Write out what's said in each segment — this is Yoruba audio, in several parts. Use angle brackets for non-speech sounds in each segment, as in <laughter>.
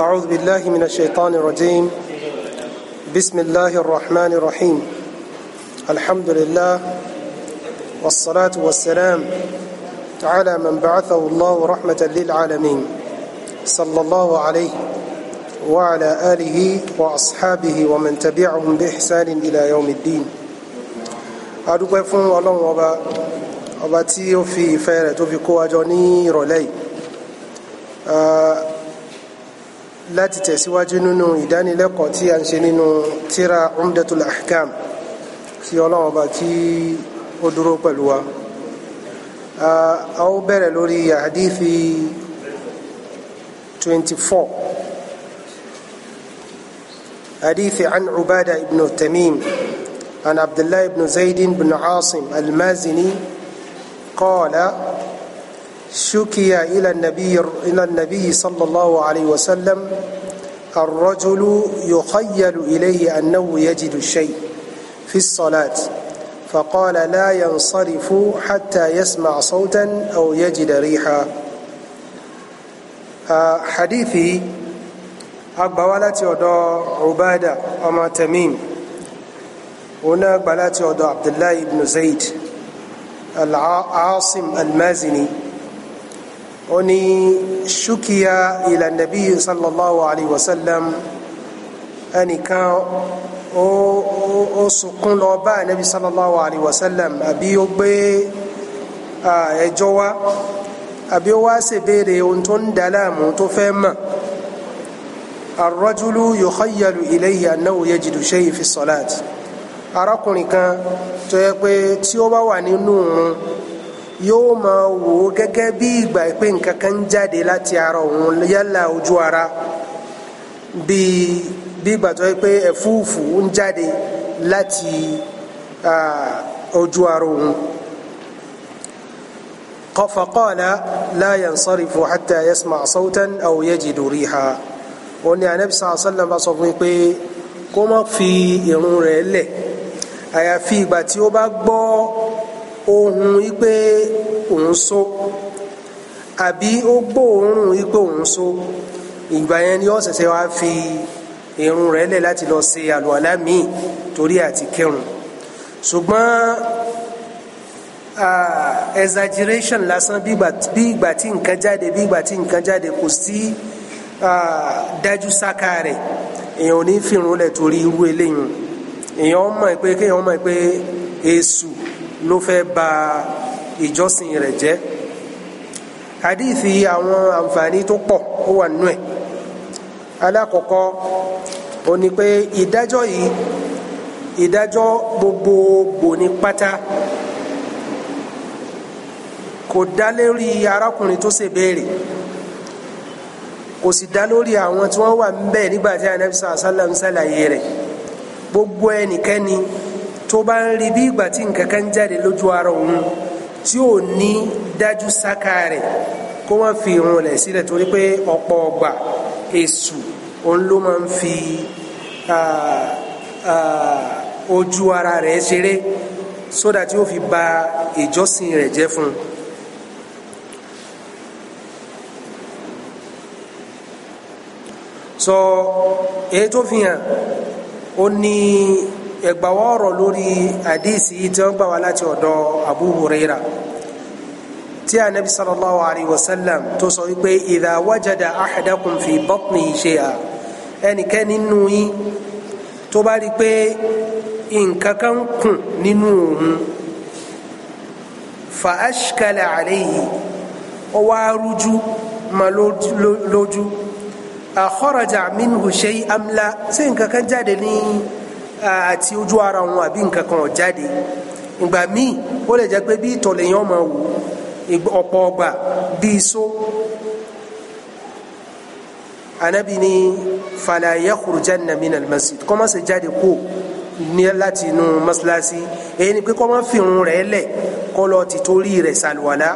أعوذ بالله من الشيطان الرجيم بسم الله الرحمن الرحيم الحمد لله والصلاة والسلام على من بعثه الله رحمة للعالمين صلى الله عليه وعلى آله وأصحابه ومن تبعهم بإحسان إلى يوم الدين adúpẹ́ fún ọlọ́run ọba ọba tí ó fi ìfẹ́ rẹ̀ láti tẹ̀síwájú nínú ìdánilẹ́kọ̀ọ́ tí a ń ṣe nínú tíra umdatul ahkam kí ọlọ́run ọba kí ó dúró pẹ̀lú wa a ó bẹ̀rẹ̀ lórí àdífi 24 حديث عن عبادة بن تميم عن عبد الله بن زيد بن عاصم المازني قال شكي إلى النبي إلى النبي صلى الله عليه وسلم الرجل يخيل إليه أنه يجد الشيء في الصلاة فقال لا ينصرف حتى يسمع صوتا أو يجد ريحا حديثي أقبالات يدى عبادة أما تميم هنا أقبالات يدى عبد الله بن زيد العاصم المازني ó ní ṣúkìá ila nàbí sallallahu alayhi wa sallam ẹnìkan ó ó sunkún lọ bá nàbí sallallahu alayhi wa sallam àbí ó gbé ẹjọ́ wá àbí ó wá ṣèbéèrè ohun tó ń dà láàmú tó fẹ́ mọ̀ arrajulu yukhayyalu ilayhi annahu yajidu shay'an fi salat arákùnrin kan tó yẹ pé tí ó bá wà nínú òun yóò máa wò ó gẹ́gẹ́ bí ìgbà pé nǹkan kan jáde láti ara òun yálà ojú ara bíi bí ìgbà tó yẹ pé ẹ̀fúùfù ń jáde láti ojú ara òun. فقال لا ينصرف حتى يسمع صوتا أو يجد ريحا òní anabi sàn sàlẹ̀ bá sọ fún mi pé kó má fi irun rẹ̀ lẹ̀ àyàfi ìgbà tí ó bá gbọ́ ohun wípé òun so àbí ó gbóòórùn wípé òun so ìgbà yẹn ni ó ṣẹ̀ṣẹ̀ wá fi irun rẹ̀ lẹ̀ láti lọ ṣe àlùwàlá míì torí àti kírun ṣùgbọ́n exaggeration lásán bí ìgbà tí nǹkan jáde bí ìgbà tí nǹkan jáde kò sí dájú sáká rẹ̀ èèyàn ò ní fìrun lẹ̀ torí irú eléyìí èèyàn mọ̀ pé kéèyàn mọ̀ pé èṣù. E ló fẹ́ ba ìjọsìn rẹ̀ jẹ́ hadithi àwọn àǹfààní tó pọ̀ ó wà nínú ẹ̀ alákọ̀ọ́kọ́ ó ní pé ìdájọ́ yìí ìdájọ́ gbogbogbò ní pátá kò dá lórí arákùnrin tó ṣe béèrè kò sì dá lórí àwọn tí wọ́n wà ń bẹ̀ nígbà tí anabi sàlám rẹ̀ gbogbo ẹnikẹ́ni tó bá ń rí bí ìgbà tí nǹkan kan jáde lójú ara òun tí ò ní dájú sáká rẹ̀ kó wọ́n fi irun rẹ̀ sílẹ̀ torí pé ọ̀pọ̀ ọgbà èṣù òun ló máa ń fi ojú ara rẹ̀ ṣeré sódà tí ó fi ba ìjọsìn rẹ̀ jẹ́ fún un. sọ èyí tó fi hàn ó ní ẹgbàwọ́ ọ̀rọ̀ lórí àdísì tí wọ́n gbà wá láti ọ̀dọ̀ Abu Huraira tí anabi sallallahu alayhi wa sallam tó sọ wípé idha wajada ahadakum fi batnihi shay'a ẹnikẹ́ni nínú yín tó bá rí i pé nǹkan kan kùn nínú òun fa ashkala alayhi ó wá rújú ma lójú akhraja minhu shay'an am la nǹkan kan jáde ní àti ojú ara wọn àbí nǹkan kan ó jáde ìgbà míì ó lè jẹ́ pé bí ìtọ̀lẹ̀ yẹn máa wò ọ̀pọ̀ ọgbà bí iṣó anabi ni fala yakhrujanna minal masjid kó má ṣe jáde kó ní láti inú mọ́ṣáláṣí èyí ni pé kó fìrun rẹ̀ lẹ̀ kó lọ ti torí rẹ̀ ṣàlùwàlá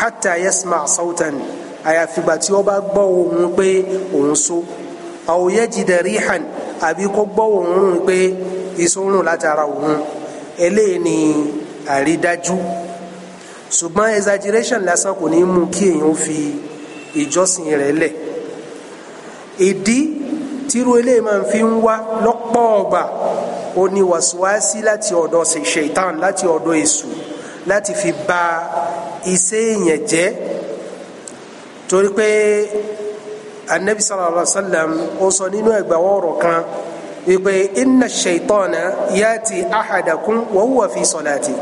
hatta yasma sautan àyàfìgbà tí ó bá gbọ́ ohùn pé òun so aw yajida rihan àbí kó gbọ́ òórùn pé ìsòórùn látara òun eléyìí ni àrídájú ṣùgbọ́n exaggeration lásán kò ní mú kí èèyàn fi ìjọsìn rẹ̀ lẹ̀ ìdí tíru eléyìí máa fi ń wá lọ́pọ̀ ọgbà ó ní wàsíwàsí láti ọ̀dọ̀ ṣèitán láti ọ̀dọ̀ èṣù láti fi bà iṣẹ́ èèyàn jẹ́ torí pé anabi sallallahu alayhi wa sallam ó sọ nínú ẹgbà wọ́ọ̀rọ̀ kan wípé inna shaitana yati ahadakum wa huwa fi salati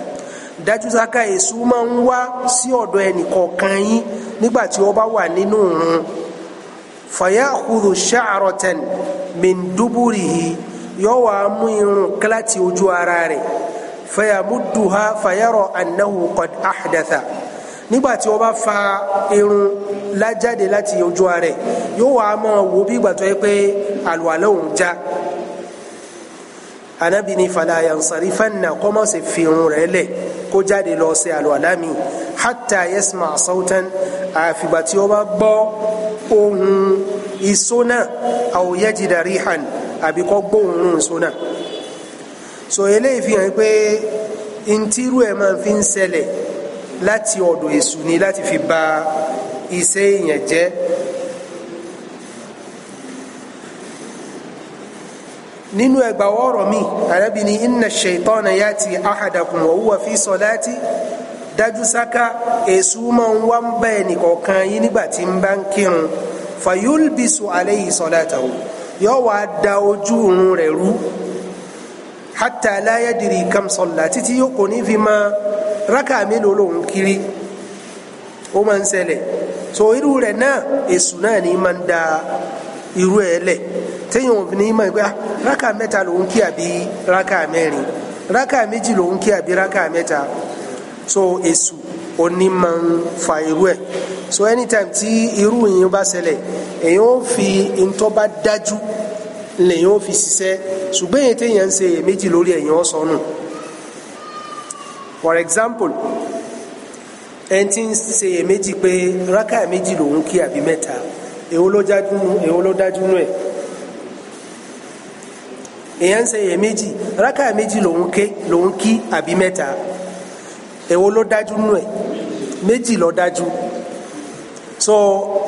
dájú sáká èṣù máa ń wá sí ọ̀dọ̀ ẹnìkọ̀ọ̀kan yín nígbà tí ó bá wà nínú òun fayakhudhu sha'ratan min duburihi yóò wá mú irun kíláàtì ojú ara rẹ̀ fayamudduha fayara annahu qad ahdatha nígbà tí ó bá fa irun lájáde láti ojú rẹ̀ yóò wá máa wo bí ìgbà tó yẹ pé àlùwàlá òun já anabi ni fala yansarifanna kọ́mọ̀ sí fìrun rẹ̀ lẹ̀ kó jáde lọ sí àlùwàlá mi hatta yasma sautan àfìgbà tí ó bá gbọ́ ohun ìsó náà aw yajida rihan àbí kó gbóhùn ìsó náà so eléyìí fi hàn pé ntírú ẹ̀ máa fi ń ṣẹlẹ̀ láti ọ̀dọ̀ èṣù ni láti fi ba iṣẹ́ èèyàn jẹ́ nínú ẹgbà ọ̀rọ̀ mi àrẹ́bí ni inna ṣaitana yati ahadakum wa huwa fi salati dájú sáká èṣù máa ń wá ń bá ẹnìkọ̀ọ̀kan yín nígbà tí ń bá ń kírun fayulbisu alayhi salatahu yóò wá da ojú òun rẹ̀ rú hatta la yadri títí yóò kò ní fi máa raka melo lo kiri ma man sele so iru re na esu na ni man da iru ele te yon bi ni man ah, gba raka meta lo nki abi raka meri raka meji lo nki abi raka meta so esu oni man fa iru e so anytime ti iru yin ba sele e yon fi nto ba daju le yon fi sise sugbe yen te yan se meji lori eyan so for example ẹni tí ń ṣe èméjì pé rákà méjì lòun kí àbí mẹ́ta èwo ló dájú nù èwo ló dájú nù ẹ̀ èèyàn ń ṣe èméjì rákà méjì lòun ké lòun kí àbí mẹ́ta èwo ló dájú nù ẹ̀ méjì ló dájú so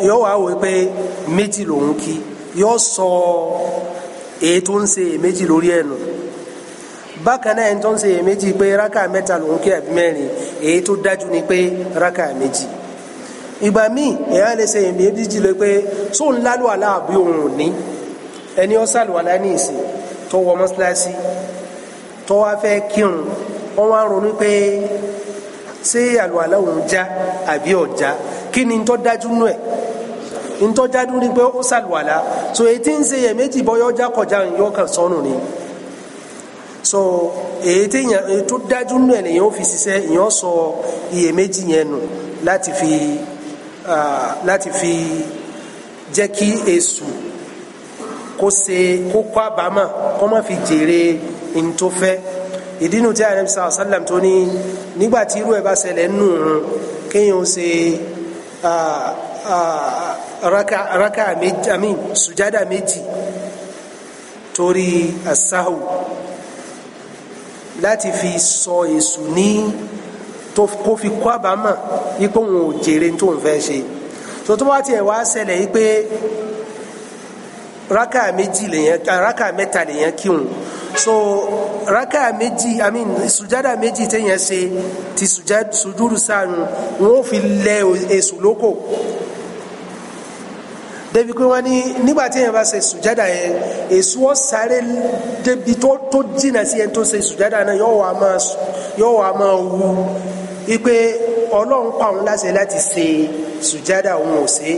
yóò wá wò pé méjì lòun kí yóò sọ èyí tó ń ṣe èméjì lórí ẹ̀ nù. No bákan náà ẹni tó ń ṣe èméjì pé rákà mẹ́ta lòún kí àbí mẹ́rin èyí tó dájú ni pé rákà méjì ìgbà míì èèyàn lè ṣe èméjì lè pé tó ń lálù àlá àbí òun ò ní ẹni ó sàlùwàlá ní ìsìn tó wọ mọ́ṣáláṣí tó wá fẹ́ kírun wọ́n wá ronú pé ṣé àlùwàlá òun já àbí ọ̀já kí ni tó dájú nù ẹ̀ ntọ́jádú ni pé ó sàlùwàlá so èyí tí ń ṣe èméjì bọ́ yọjá kọjá yọkàn sọnù ni. So, so èyí tí èyàn tó dájú nù ẹ̀ lèyàn ó fi ṣiṣẹ́ èyàn sọ iyèméjì yẹn nù láti fi láti fi jẹ́ kí èṣù kó ṣe kó kó àbámà kó má fi jèrè ní tó fẹ́ ìdínú tí ààrẹ sàlá sàlám tó ní nígbà irú ẹ̀ bá ṣẹlẹ̀ nù un kéèyàn ṣe raka raka méjì àmì sùjádà méjì torí asáhù. As láti fi sọ èṣù ní kó fi kó àbámọ̀ wípé òun ò jèrè tó ń fẹ́ ṣe tó tó bá tiẹ̀ wá ṣẹlẹ̀ wípé raka méjì lèyàn raka mẹ́ta lèyàn kírun so raka méjì i mean sùjádà méjì téèyàn ṣe ti sùjúdù sáà wọn ò fi lẹ èṣù lóko débi pé wọ́n ní nígbà tí èèyàn bá ṣe sùjádà yẹn èso wọn sáré débi tó tó jìnnà sí ẹni tó ṣe sùjádà náà yóò wá máa yóò wá máa wú ipe ọlọ́run pa òun láṣẹ láti ṣe sùjádà òun ò ṣe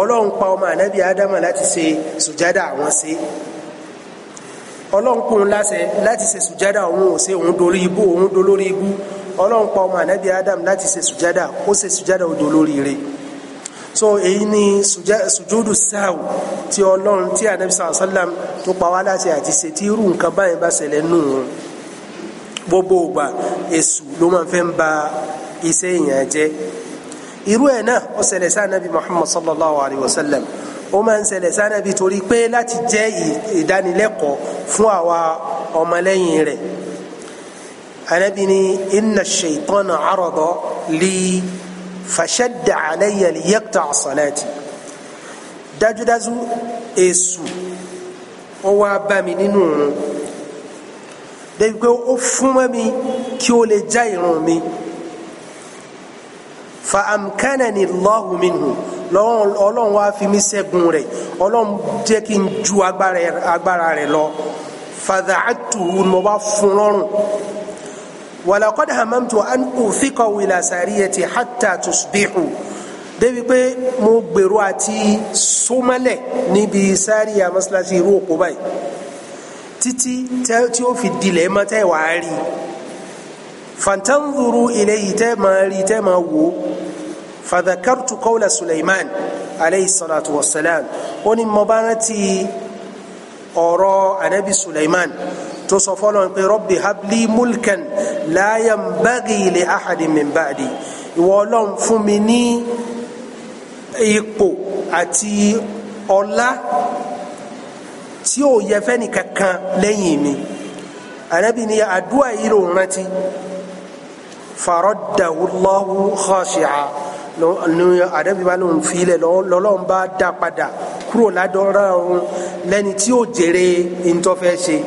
ọlọ́run pa ọmọ ànábì ádámà láti ṣe sùjádà àwọn ṣe ọlọ́run pa òun láṣẹ láti ṣe sùjádà òun ò ṣe òun dorí ibú òun dolórí ibú ọlọ́run pa ọmọ ànábì ádámà láti ṣe sùjádà ó ṣe sùjádà ó dolórí rẹ̀ so èyí ni sùjúdù sáàwù tí ọlọ́run tí anabi sàlá sàlám tó pa wá láti àti ṣe tí irú nǹkan báyìí bá ṣẹlẹ̀ nù wọn gbogbo ògbà èṣù ló máa fẹ́ ń ba iṣẹ́ èèyàn jẹ́ irú ẹ̀ náà ó ṣẹlẹ̀ sí anabi muhammad sallallahu alayhi wa sallam ó máa ń ṣẹlẹ̀ sí anabi torí pé láti jẹ́ ìdánilẹ́kọ̀ọ́ fún àwa ọmọlẹ́yìn rẹ̀ anabi ni inna shaytana arada li fàṣẹdà àlẹyẹ yẹkta sọlẹtì dájúdájú èṣù ó wá bá mi nínú òun débi pé ó fún mọ́ mi kí ó lè já ìrun mi fa amkanani Allahu minhu ọlọ́run wá fi mí ṣẹ́gun rẹ̀ ọlọ́run jẹ́ kí n ju agbára rẹ̀ lọ fàdà àtúwù ni mo bá fún lọ́rùn ولقد هممت أن uthiqa ila sariyati hatta tusbihu débi pé mo gbèrò àti súnmọ́lẹ̀ níbi sáríyà mọ́sálásí irú òpó báyìí títí tí ó fi dilẹ̀ mọ́tẹ́ wàá rí i fantanzuru ilayhi tẹ́ máa rí tẹ́ máa wò ó fadhakartu qawla Sulaiman alayhi ó ní mo ọ̀rọ̀ anabi Sulaiman tó sọ fọlọ́n pé rabbi habli mulkan la yanbaghi li ahadin min ba'di ìwọ ọlọ́run fún mi ní ipò àti ọlá tí ò yẹ fẹ́ni kankan lẹ́yìn mi ànábì ni àdúrà yìí ló rántí faraddahu Allahu khashi'a ànábì bá lòun filẹ̀ lọ́lọ́run bá dá padà kúrò ládọ́rọ́ lẹ́ni tí ó jèrè ntọ́fẹ́ ṣe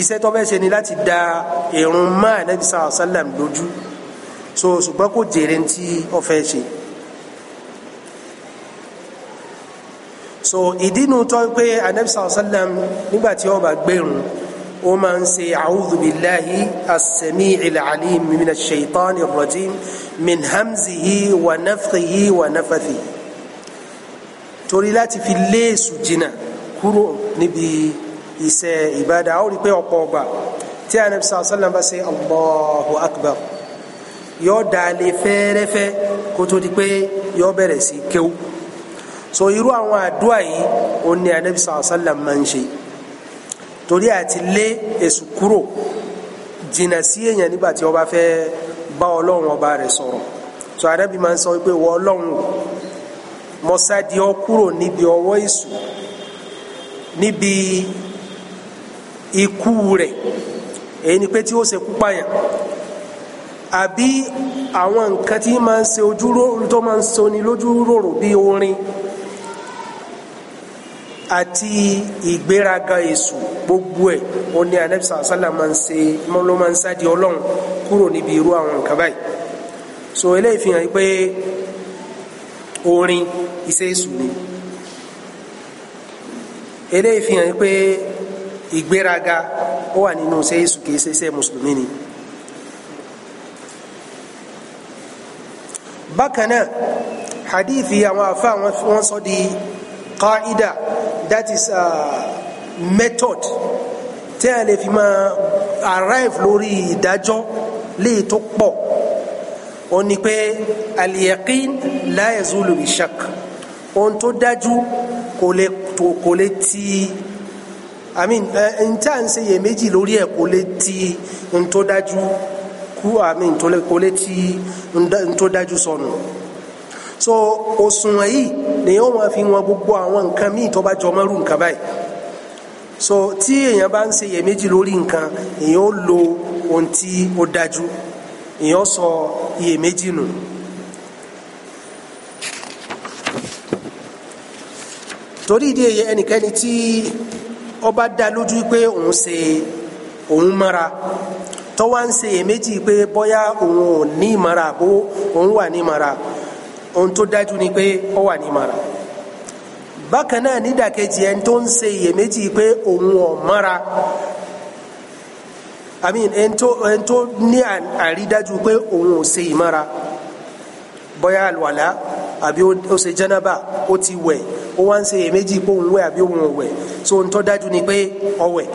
iṣẹ́ tó fẹ́ ṣe ni láti da irun mọ́ ànábì sallallahu alaihi wasallam lójú so ṣùgbọ́n kò jèrè ntí ó fẹ́ ṣe. so ìdínú tó pé ànábì sallallahu alaihi wasallam nígbà tí ó bá gbẹ̀rùn ó máa ń ṣe a'udhu billahi as-sami'il alim minash shaitanir rajim min hamzihi wa nafthihi wa nafathihi torí láti fi léèsù jìnnà kúrò níbi iṣẹ́ ìbádà ó rí pé ọ̀pọ̀ ọgbà tí anabi sàlá sàlám bá ṣe allahu akbar yọ dalẹ fẹ́ẹ́rẹ́fẹ́ kó tó di pé yọ bẹ̀rẹ̀ sí kéwú so irú àwọn àdúrà yìí ó ní anabi sàlá sàlám máa ń ṣe torí àti lé èṣù kúrò jìnnà sí èèyàn nígbà tí wọn bá fẹ́ bá Ọlọ́run ọba rẹ̀ sọ̀rọ̀ so anabi máa ń sọ pé wọ Ọlọ́run mọsádìọ kúrò níbi ọwọ́ èṣù níbi ikú rẹ̀ èyí ni pé tí ó ṣekú pààyàn àbí àwọn nǹkan tí máa ń ṣe ojú tó máa ń soni lójú ròrò bí orin àti ìgbéraga èṣù gbogbo ẹ̀ ó ní anabi sàlá máa ń ṣe ló máa ń sádi ọlọ́run kúrò níbi irú àwọn nǹkan báyìí so eléyìí fi hàn pé orin iṣẹ́ èṣù ni eléyìí fi hàn pé ìgbéraga ó wà nínú iṣẹ́ èṣù kìí ṣe iṣẹ́ mùsùlùmí ni. bákan náà hadithi àwọn afa wọn sọ di qaida that is a uh, method tí a lè fi máa arrive lórí ìdájọ́ léè tó pọ̀ ó ní pé al-yaqin la yazulu ohun tó dájú kò lè ti. i mean eh, ẹ n tá à ń ṣe lórí ẹ kò lè ti n tó dájú kú i mean kò lè ti n tó dájú sọnù so òṣùwọ̀n yìí ni yóò máa fi wọn gbogbo àwọn nǹkan míì tó bá jọmọ́ rú nǹkan báyìí so tí èèyàn bá ń ṣe yẹ méjì lórí nǹkan èèyàn ó lo ohun tí ó dájú èèyàn sọ iye méjì nù. torí ìdí èyí ẹnikẹ́ni tí. ọba dá lójú pé òun ṣe òun mara tọ́wá ń ṣe èméjì pé bọ́yá òun ò ní ìmara àbó òun wà ní ìmara ohun tó dájú ni pé ó wà ní ìmara bákan náà nídàkejì ẹni tó ń ṣe iyèméjì pé òun ò mara i mean ẹni tó ẹni tó ní àrídájú pé òun ò ṣe ìmara bọ́yá àlùwàlá àbí ó ṣe jánábà ó ti wẹ̀ ó wá ń ṣe èméjì pé òun wẹ̀ àbí òun ò so ń tọ́ dájú ni pé ó wẹ̀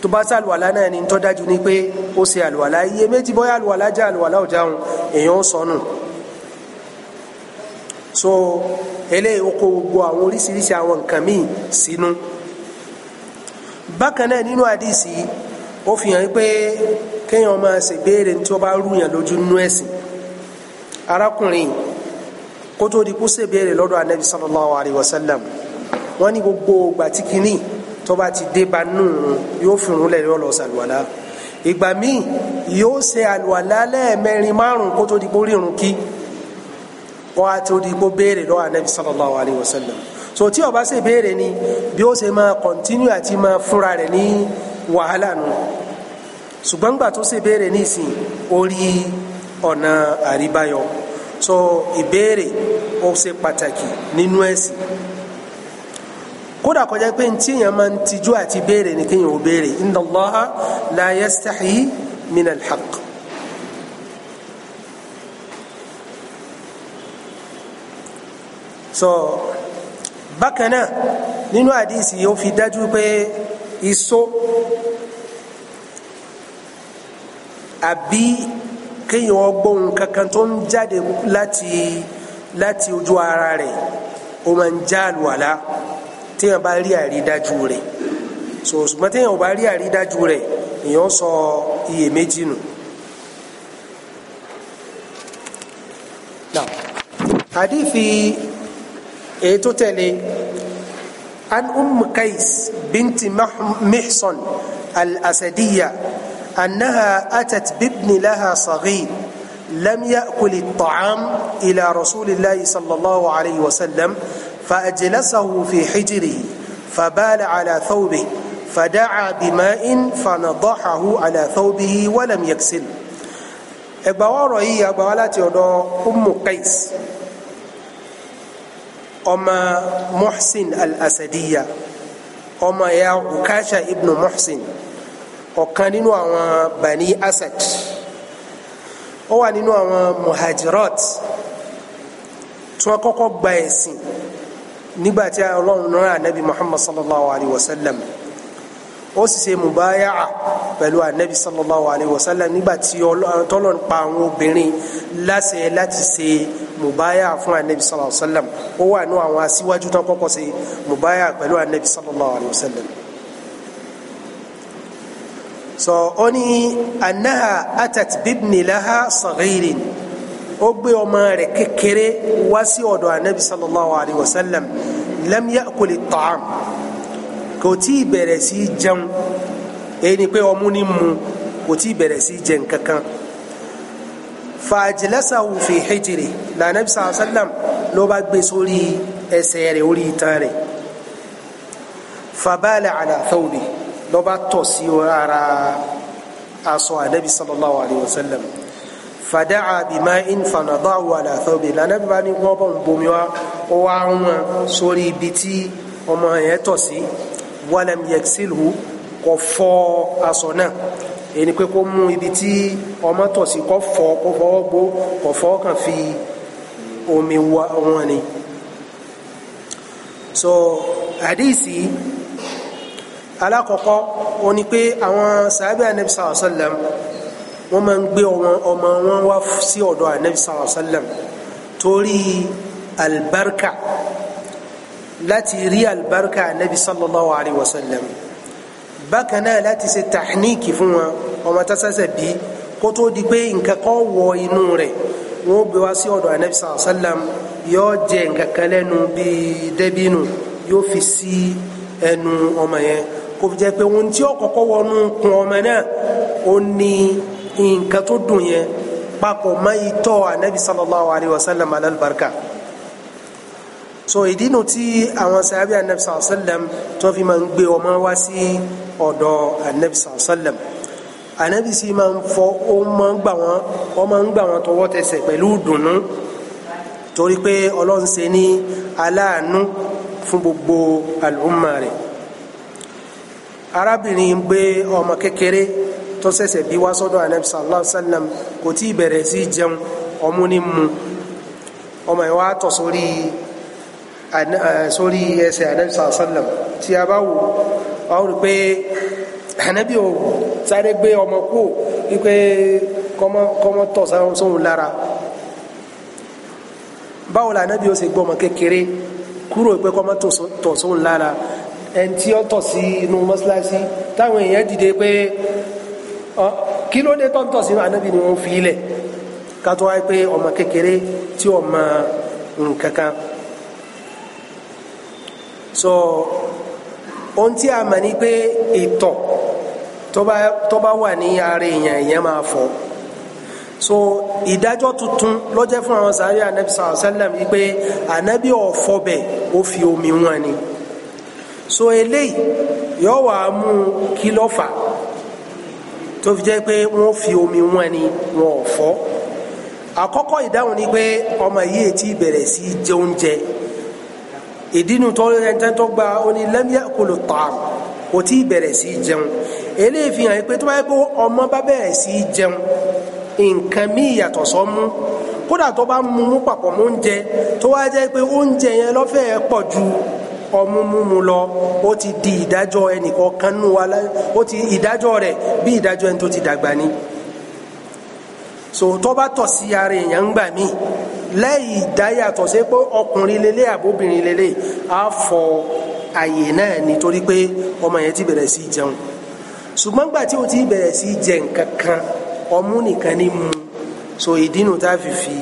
tó bá sàlùwàlá náà ni ń tọ́ dájú ni pé ó ṣe àlùwàlá iye méjì àlùwàlá já àlùwàlá ò jáhùn èèyàn sọnù so eléyìí ó kó gbogbo àwọn oríṣiríṣi àwọn nǹkan míì sínú bákan náà nínú àdìsí ó fi hàn pé kéèyàn máa ṣèbéèrè tí ó bá rúyàn lójú nínú ẹ̀sìn arákùnrin yìí kótó di kó ṣèbéèrè lọ́dọ̀ anabi sallallahu alayhi wa sallam wọ́n ní gbogbo ìgbà tí kínní tó bá ti dé bá nù yóò fìrún lẹ̀ yóò lọ sàlùwàlá ìgbà míì yóò ṣe àlùwàlá lẹ́ẹ̀mẹrin márùn kótó di kó rírun kí wọ́n á tó di kó béèrè lọ́wọ́ anabi sallallahu alayhi wa sallam so tí ó ṣe béèrè ni bí ó ṣe máa kọ̀ntínú àti máa fúnra rẹ̀ ní wàhálà nù ṣùgbọ́n gbà tó ṣe béèrè ní ìsìn orí ọ̀nà àríbáyọ so ìbéèrè ó ṣe pàtàkì nínú ẹ̀sìn kódà kọjá pé ntí yẹn máa ń tijú àti béèrè ni kéèyàn ó béèrè inna Allaha la yastahi min al-haq. so bákan náà nínú àdìsí yóò fi dájú pé iṣó àbí kéèyàn ọgbọ́n kankan tó ń jáde láti láti ojú ara rẹ̀ ó máa ń já àlùwàlá téèyàn bá rí àrídájú rẹ̀ so ṣùgbọ́n téèyàn ò bá rí àrídájú rẹ̀ èèyàn sọ iyèméjì nù. hadithi èyí tó tẹ̀lé an umm binti mihsan al-asadiyya. أنها أتت بابن لها صغير لم يأكل الطعام إلى رسول الله صلى الله عليه وسلم فأجلسه في حجره فبال على ثوبه فدعا بماء فنضحه على ثوبه ولم يكسله ẹgbàwọrọ yìí agbàwọ láti ọ̀dọ̀ umu qais ọmọ muhsin al-asadiya ọmọ ya ukasha ibnu muhsin ọ̀kan nínú àwọn bani asad ó wà nínú àwọn muhajirat tí wọ́n kọ́kọ́ gba ẹ̀sìn nígbà tí ọlọ́run rán anabi muhammad sallallahu alayhi wa sallam ó sì ṣe mùbáyàá pẹ̀lú anabi sallallahu alayhi wa sallam nígbà tí ọlọ́run pa àwọn obìnrin láṣẹ láti ṣe mùbáyàá fún anabi sallallahu alayhi wa sallam ó wà nínú àwọn aṣíwájú tí wọ́n kọ́kọ́ ṣe mùbáyàá pẹ̀lú anabi sallallahu alayhi wa sallam sọ ọ ní anaha atat bibni laha saghirin ó gbé ọmọ rẹ̀ kékeré wá sí ọ̀dọ̀ anabi sallallahu alayhi wa sallam lam yakul at-ta'am kò tí ì bẹ̀rẹ̀ sí jẹun èyí ni pé ọmú ni mu kò tí ì bẹ̀rẹ̀ sí jẹun kankan fàjìlẹ́sàwù fi hijiri lànàbí sàlám ló bá gbé sórí ẹsẹ̀ rẹ̀ orí itan rẹ̀ fàbálẹ̀ àlàfẹ́ òbí lọ́ba tọ̀ sí ara aṣọ ànábi sallallahu alayhi wa sallam fada'a bima'in fanadahu ala thawbi lànàbí bá ní wọ́n bọ̀ ń bomi wá ó wá ń wọn sórí ibi tí ọmọ yẹn tọ̀ sí walam yaksilhu kò fọ aṣọ náà èyí ni pé kó mú ibi tí ọmọ tọ̀ sí kó fọ kó fọwọ́ gbó kó fọwọ́ kàn fi omi wọn ni so àdìsí alákọ̀ọ́kọ́ ó ní pé àwọn sàábẹ́ anabi sallallahu alayhi wa sallam wọ́n máa ń gbé ọmọ wọn wá sí ọ̀dọ̀ anabi sallallahu alayhi wa sallam torí albarka láti rí albarka anabi sallallahu alayhi wa sallam bákan náà láti ṣe tàhníìkì fún wọn ọmọ tásásẹ̀ bíi kó tó di pé nǹkan kan wọ inú rẹ̀ wọ́n gbé wá sí ọ̀dọ̀ anabi sallallahu alayhi yóò jẹ nǹkan kan lẹ́nu bíi dẹ́bínú yóò fi sí ẹnu ọmọ yẹn kó fi jẹ́ pé ohun tí ó kọ́kọ́ wọnú kun ọmọ náà ó ní nǹkan tó dùn yẹn papọ̀ mọ́ itọ́ anabi sallallahu alayhi wa sallam alalbarika so ìdí nu tí àwọn sàbí anabi sallallahu alayhi wa sallam tó fi máa ń gbé ọmọ wá sí ọ̀dọ̀ anabi sallallahu alayhi wa sallam anabi sì máa ń fọ ó máa wọn ó máa ń wọn tọwọ́ tẹsẹ̀ pẹ̀lú dùnnú torí pé ọlọ́run aláàánú fún gbogbo àlùmọ́ arábìnrin gbé ọmọ kékeré tó ṣẹ̀ṣẹ̀ bí wá sọ́dọ̀ anabi sallallahu alayhi wa sallam kò tí ì bẹ̀rẹ̀ sí jẹun ọmú ní mu ọmọ yẹn wá tọ̀ sórí sórí ẹsẹ̀ anabi sallallahu alayhi wa sallam tí a bá wò ó rí pé anabi ò sáré gbé ọmọ kú wípé kọ́mọ tọ̀ sóhun lára báwo la anabi ó ṣe gbọ́ ọmọ kékeré kúrò pé kọ́mọ tọ̀ sóhun lára ẹni tí ó tọ̀ sí inú mọ́ṣáláṣí táwọn èèyàn dìde pé kí ló dé tọ́ntọ̀ sí anábì ni wọ́n fi ilẹ̀ ká wáyé pé ọmọ kékeré tí ó mọ nǹkan kan so ohun tí a mọ̀ ni pé ìtọ̀ tó bá wà ní ara èèyàn èèyàn máa fọ̀ so ìdájọ́ tuntun ló jẹ́ fún àwọn sàárẹ̀ anábì sàlẹ̀ sàlẹ̀ wípé anábì ọ̀fọ̀ bẹ̀ ó fi omi wọn ni. So, so eléyìí yóò wá mú kí ló fà tó fi jẹ́ pé wọ́n fi omi wọn ni wọn ò fọ́ àkọ́kọ́ ìdáhùn ni pé ọmọ yìí ti bẹ̀rẹ̀ sí jẹ oúnjẹ ìdínú tó ẹntẹ́ tó gba ó ní lẹ́mí àkọlù tààrù kò tí bẹ̀rẹ̀ sí jẹun eléyìí fi hàn pé tó bá yẹ pé ọmọ bá bẹ̀rẹ̀ sí jẹun nǹkan mí ìyàtọ̀ sọ mú kódà tó bá mú papọ̀ mú oúnjẹ tó wá jẹ́ pé oúnjẹ yẹn lọ́fẹ̀ẹ́ pọ̀ ju ọmú múmu lọ ó ti di ìdájọ́ ẹnìkan kan nù wa ó ti ìdájọ́ rẹ̀ bí ìdájọ́ ẹni tó ti dàgbà ni so tó bá tọ̀ sí ara èèyàn ń gbà mí lẹ́yìn ìdáyàtọ̀ sí pé ọkùnrin lélẹ̀ àbóbìnrin lélẹ̀ á fọ àyè náà nítorí pé ọmọ yẹn ti bẹ̀rẹ̀ sí jẹun ṣùgbọ́n gbà tí o ti bẹ̀rẹ̀ sí jẹ nǹkan kan ọmú nìkan ní mu so ìdí nu tá fi fi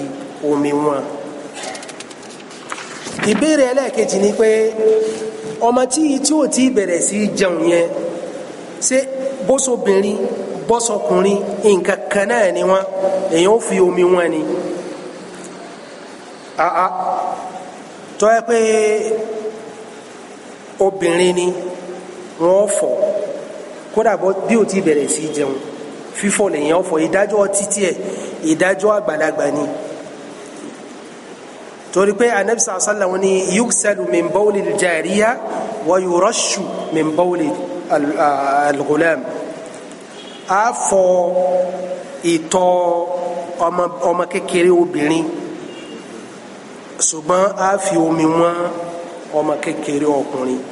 omi wọn ìbéèrè ẹlẹ́ẹ̀kejì ni pé ọmọ tí tí ò tí bẹ̀rẹ̀ sí jẹun yẹn ṣé bóṣobìnrin bọ́sọkùnrin nǹkan kan náà ni wọ́n èèyàn ó fi omi wọn ni àá tọ́ ẹ pé obìnrin ni wọ́n fọ̀ kódà bí ò tí bẹ̀rẹ̀ sí jẹun fífọ̀ lèèyàn fọ̀ ìdájọ́ títí ẹ̀ ìdájọ́ àgbàlagbà ni torí pé anabi sàlá wọn ni yuksalu min bawli jariya wa yurashu min bawli al-ghulam a fọ ìtọ̀ ọmọ kékeré obìnrin ṣùgbọ́n a fi omi wọn ọmọ kékeré ọkùnrin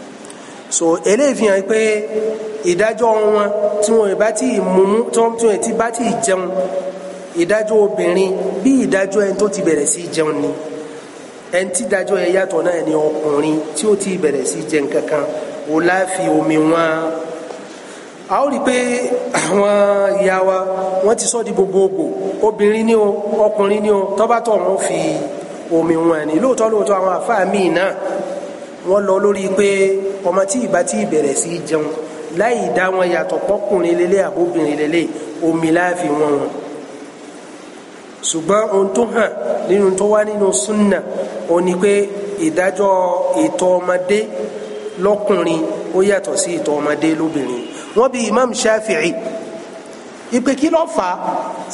so eléyìí fi hàn pé ìdájọ́ wọn tí wọn bá ti mú tí wọn ti bá ti jẹun ìdájọ́ obìnrin bí ìdájọ́ ẹni tó ti bẹ̀rẹ̀ sí jẹun ni ẹn tí dájọ́ yẹ yàtọ̀ náà ni ọkùnrin tí ó ti bẹ̀rẹ̀ sí jẹ nǹkan kan ó láfi omi wọn a ó rí i pé àwọn ìyá wa wọ́n ti sọ di gbogbogbò obìnrin ni o ọkùnrin ni o tọ́bátọ̀ wọn fi omi wọn ni lóòótọ́ lóòótọ́ àwọn àfáà míì náà wọ́n lọ lórí pé ọmọ tí ìbá tí ìbẹ̀rẹ̀ sí jẹun láì dá wọn yàtọ̀ pọ́kùnrin lélẹ̀ àbóbìnrin lélẹ̀ omi láàfin wọn wọn ṣùgbọ́n ohun tó hàn nínú tó wá nínú súnà ó ní pé ìdájọ́ ìtọ̀ ọmọdé lọ́kùnrin ó yàtọ̀ sí ìtọ̀ ọmọdé lóbìnrin wọ́n bi imam shafi'i ìpè kí ló fà á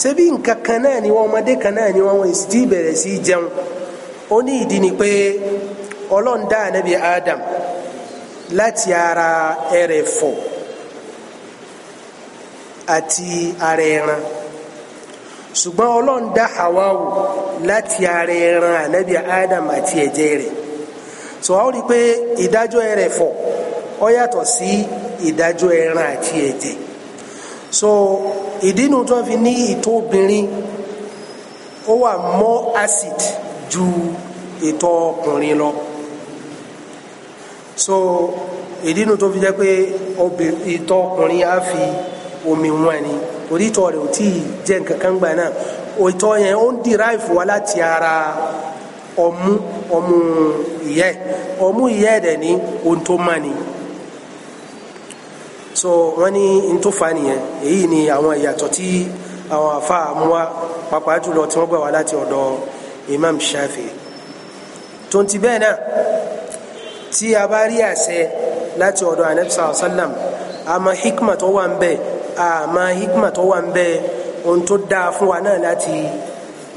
ṣebí nǹkan kan náà ni wọn ọmọdé kan náà ni wọn wọn bẹ̀rẹ̀ sí í jẹun ó ní ìdí ni pé ọlọ́run ànábì adam láti ara ẹrẹ̀fọ̀ àti ara ẹran ṣùgbọ́n ọlọ́run dá Hawawu láti ara ẹran ànábì Adam àti ẹ̀jẹ̀ rẹ̀ so a ó rí i pé ìdájọ́ rẹ̀ fọ̀ ọ yàtọ̀ sí ìdájọ́ ẹran àti ẹ̀jẹ̀ so ìdínú tó fi ní ìtọ̀ obìnrin ó wà more acid ju ìtọ̀ ọkùnrin lọ so ìdínú tó fi jẹ́ pé ìtọ̀ ọkùnrin á fi omi wọn ni. So, torí tọ́ rẹ̀ ò tí ì jẹ́ nǹkan kan gbà náà òtọ́ yẹn ó ń derive wá láti ara ọmú ọmú ìyẹ́ ọmú ìyẹ́ dẹ̀ ní ohun tó má ni so wọ́n ní n tó fa nìyẹn èyí ni àwọn ìyàtọ̀ tí àwọn afa àmúwá pàápàá jùlọ tí wọ́n gbà wá láti ọ̀dọ̀ Imam Shafi tó ń ti bẹ́ẹ̀ náà tí a bá rí àṣẹ láti ọ̀dọ̀ anabi sallam àmọ́ hikma tó wà ń bẹ́ẹ̀ àmọ́ hikma tó wà ń bẹ ohun tó dáa fún wa náà láti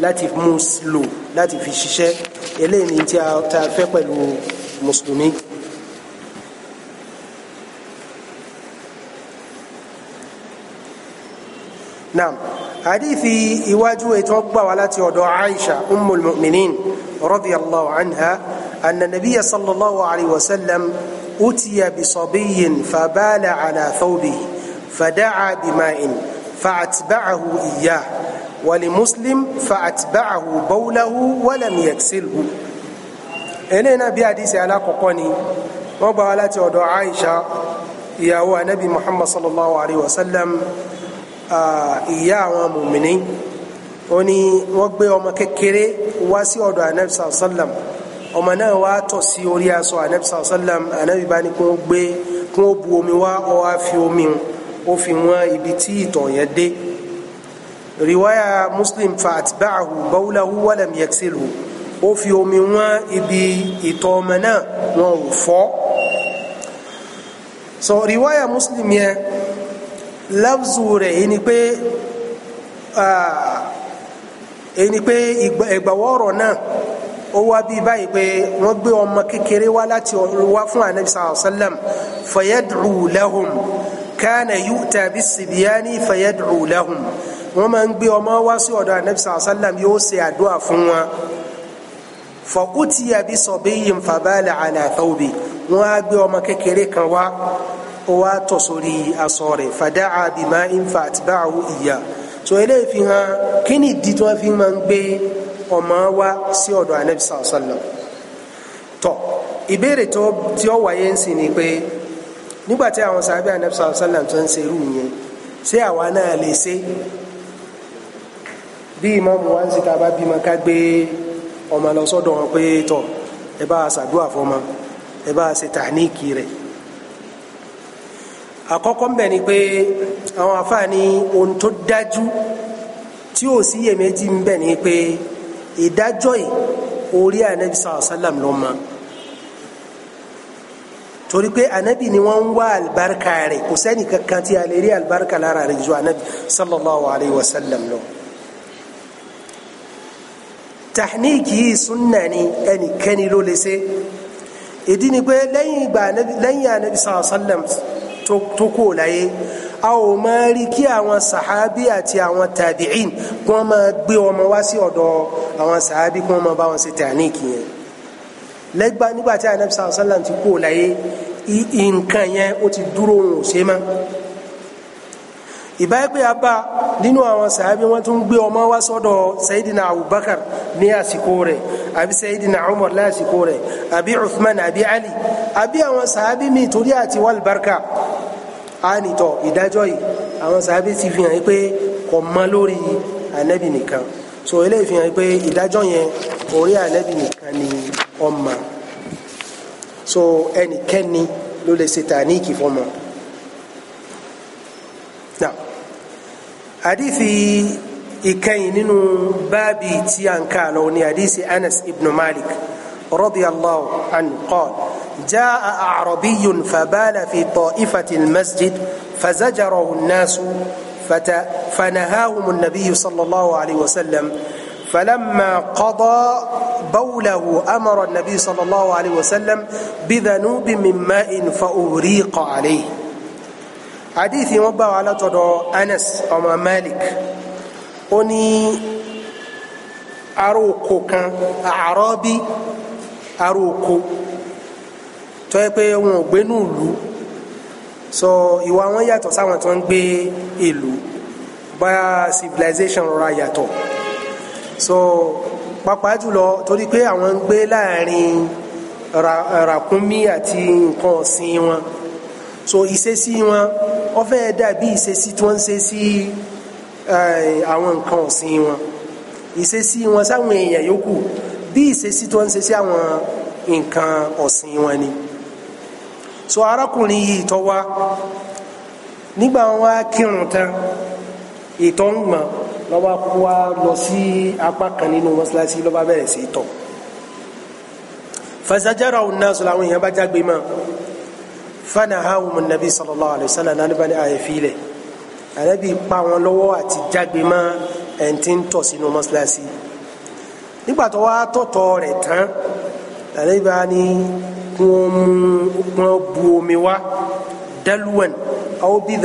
láti mú lò láti fi ṣiṣẹ́ eléyìí ni tí a ta fẹ́ pẹ̀lú mùsùlùmí. naam hadithi iwájú ètò ọgbà wa láti ọ̀dọ̀ aisha ummul mu'minin radiyallahu anha anna nabiyya sallallahu alayhi wa sallam utiya bi fabala ala thawbihi. فدعا بماء فأتبعه إياه ولمسلم فأتبعه بوله ولم يكسله إلينا بحديث على ققني وبالات ودعا عائشة يا نبي محمد صلى الله عليه وسلم ìyá àwọn mùmìnì ó ní wọ́n gbé ọmọ kékeré wá sí ọ̀dọ̀ anabi sàlọ́sàlám ọmọ náà wá tọ̀ sí orí aṣọ anabi sàlọ́sàlám anabi bá ní kí wọ́n gbé kí wọ́n bu omi wá ọ wá fi omi hàn ó fi wọn ibi tí ìtàn yẹn dé riwaya muslim fatbaahu bawulahu walam yaksilu ó fi omi wọn ibi ìtọ̀ ọmọ náà wọn ò fọ̀ so riwaya muslim yẹn lafzu rẹ̀ yìí ni pé èyí ni pé ìgbàwọ́rọ̀ náà ó wá bí báyìí pé wọ́n gbé ọmọ kékeré wá láti wá fún anabi sallallahu alayhi wa sallam kana yu'ta bis-sibyani fayad'u lahum wọ́n máa ń gbé ọmọ wá sí ọ̀dọ̀ anabi sallallahu alayhi wa sallam yóò ṣe àdúrà fún wa fa utiya bi sabiyyin fabala ala thawbi wọ́n á gbé ọmọ kékeré kan wá ó wá tọ̀ sórí aṣọ rẹ̀ fada'a bima'in fa'atba'ahu iya tó eléyìí fi hàn kí ni ìdí tí wọ́n fi máa ń gbé ọmọ wá sí ọ̀dọ̀ anabi sallallahu alayhi tọ ìbéèrè tí ó wáyé ń sìn ni pé nígbà tí àwọn sàbẹ̀ anabi sàlẹ̀ sàlẹ̀ tó ń ṣe irú yẹn ṣé àwa náà lè ṣe bí ìmáàmù wa ń ṣe tá a bá bímọ ká gbé ọmọ lọ sọ́dọ̀ wọn pé tọ̀ ẹ bá a ṣàdúrà fọmọ ẹ bá a ṣe tàníìkì rẹ̀ àkọ́kọ́ ń bẹ̀ ni pé àwọn afáàní ohun tó dájú tí ò sí iyèméjì ń bẹ̀ ni pé ìdájọ́ yìí orí ànábì torí pé anabi ni wọ́n ń wá alibarika rẹ̀ kò sẹ́ni kankan tí a lè rí alibarika lára rẹ̀ ju anabi sallallahu alayhi wa sallam lọ. tahniki yìí sunna ni ẹnikẹ́ni ló lè ṣe ìdí ni pé lẹ́yìn ìgbà lẹ́yìn anabi sallallahu alayhi wa sallam tó kú láyé a ò máa rí kí àwọn sàhábí àti àwọn tàbíìn kí wọ́n máa gbé ọmọ wá sí ọ̀dọ̀ àwọn sàhábí kí wọ́n máa bá wọn ṣe tahniki yẹn lẹ́gbàá nígbà tí anabi sallallahu alayhi wa sallam ti kú láyé nǹkan yẹn ó ti dúró òun ò ṣe mọ́ ìbáyẹ̀pẹ̀ abá nínú àwọn sàábí wọn tún gbé ọmọ wá sọ́dọ̀ sayidina abubakar ní àsìkò rẹ̀ àbí sayidina umar lásìkò rẹ̀ àbí uthman àbí ali àbí àwọn sàábí mi torí àti wàlbarka a nìtọ̀ ìdájọ́ yìí àwọn sàábí ti fi hàn pé kò mọ lórí anabi nìkan so eléyìí fi hàn pé ìdájọ́ yẹn orí anabi nìkan ni ọmọ so ẹnikẹ́ni ló lè ṣe tàníìkì fọmọ. now hadithi ìkẹyìn nínú báàbí tí a ń kà lọ ní hadithi Anas ibn Malik radiyallahu anhu qala جاء أعربي فبال في طائفة المسجد فزجره الناس فنهاهم النبي صلى الله عليه وسلم فلما قضى بوله أمر النبي صلى الله عليه وسلم بذنوب من ماء فأوريق عليه حديث مبا على تدو أنس أما مالك أني أروكو كان أعرابي أروكو tó yẹ pé wọn ò gbé ní ìlú so ìwà wọn yàtọ̀ sáwọn tó ń gbé ìlú bá civilization rọra yàtọ̀ so pàápàá jùlọ torí pé àwọn ń gbé láàrin ràkúnmí àti nǹkan ọ̀sìn wọn so ìṣesí wọn ó fẹ́ dàbí ìṣesí tí wọ́n ń ṣe sí eh, àwọn nǹkan ọ̀sìn wọn ìṣesí wọn sáwọn èèyàn yòókù bí ìṣesí tí wọ́n ń ṣe sí àwọn nǹkan ọ̀sìn wọn ni so arákùnrin yìí tọ́ wa nígbà wọn wá kírun tán ìtọ̀ ń gbọ̀n lọ́wọ́ kó wa lọ sí apá kan nínú mọ́ṣáláṣí lọ́ba bẹ̀rẹ̀ sí tọ̀ fasajara ọ̀nà sọ̀rọ̀ àwọn èèyàn bá jágbe mọ́ fana hawumu nabi sallallahu alayhi wa sallam nanu bani ayefile anabi pa wọn lọ́wọ́ àti jágbe mọ́ ẹni tí ń tọ̀ sínú mọ́ṣáláṣí nígbà tó wá tọ̀tọ̀ rẹ̀ tán anabi bá ní kún kún bu omi wá dalwan aw bi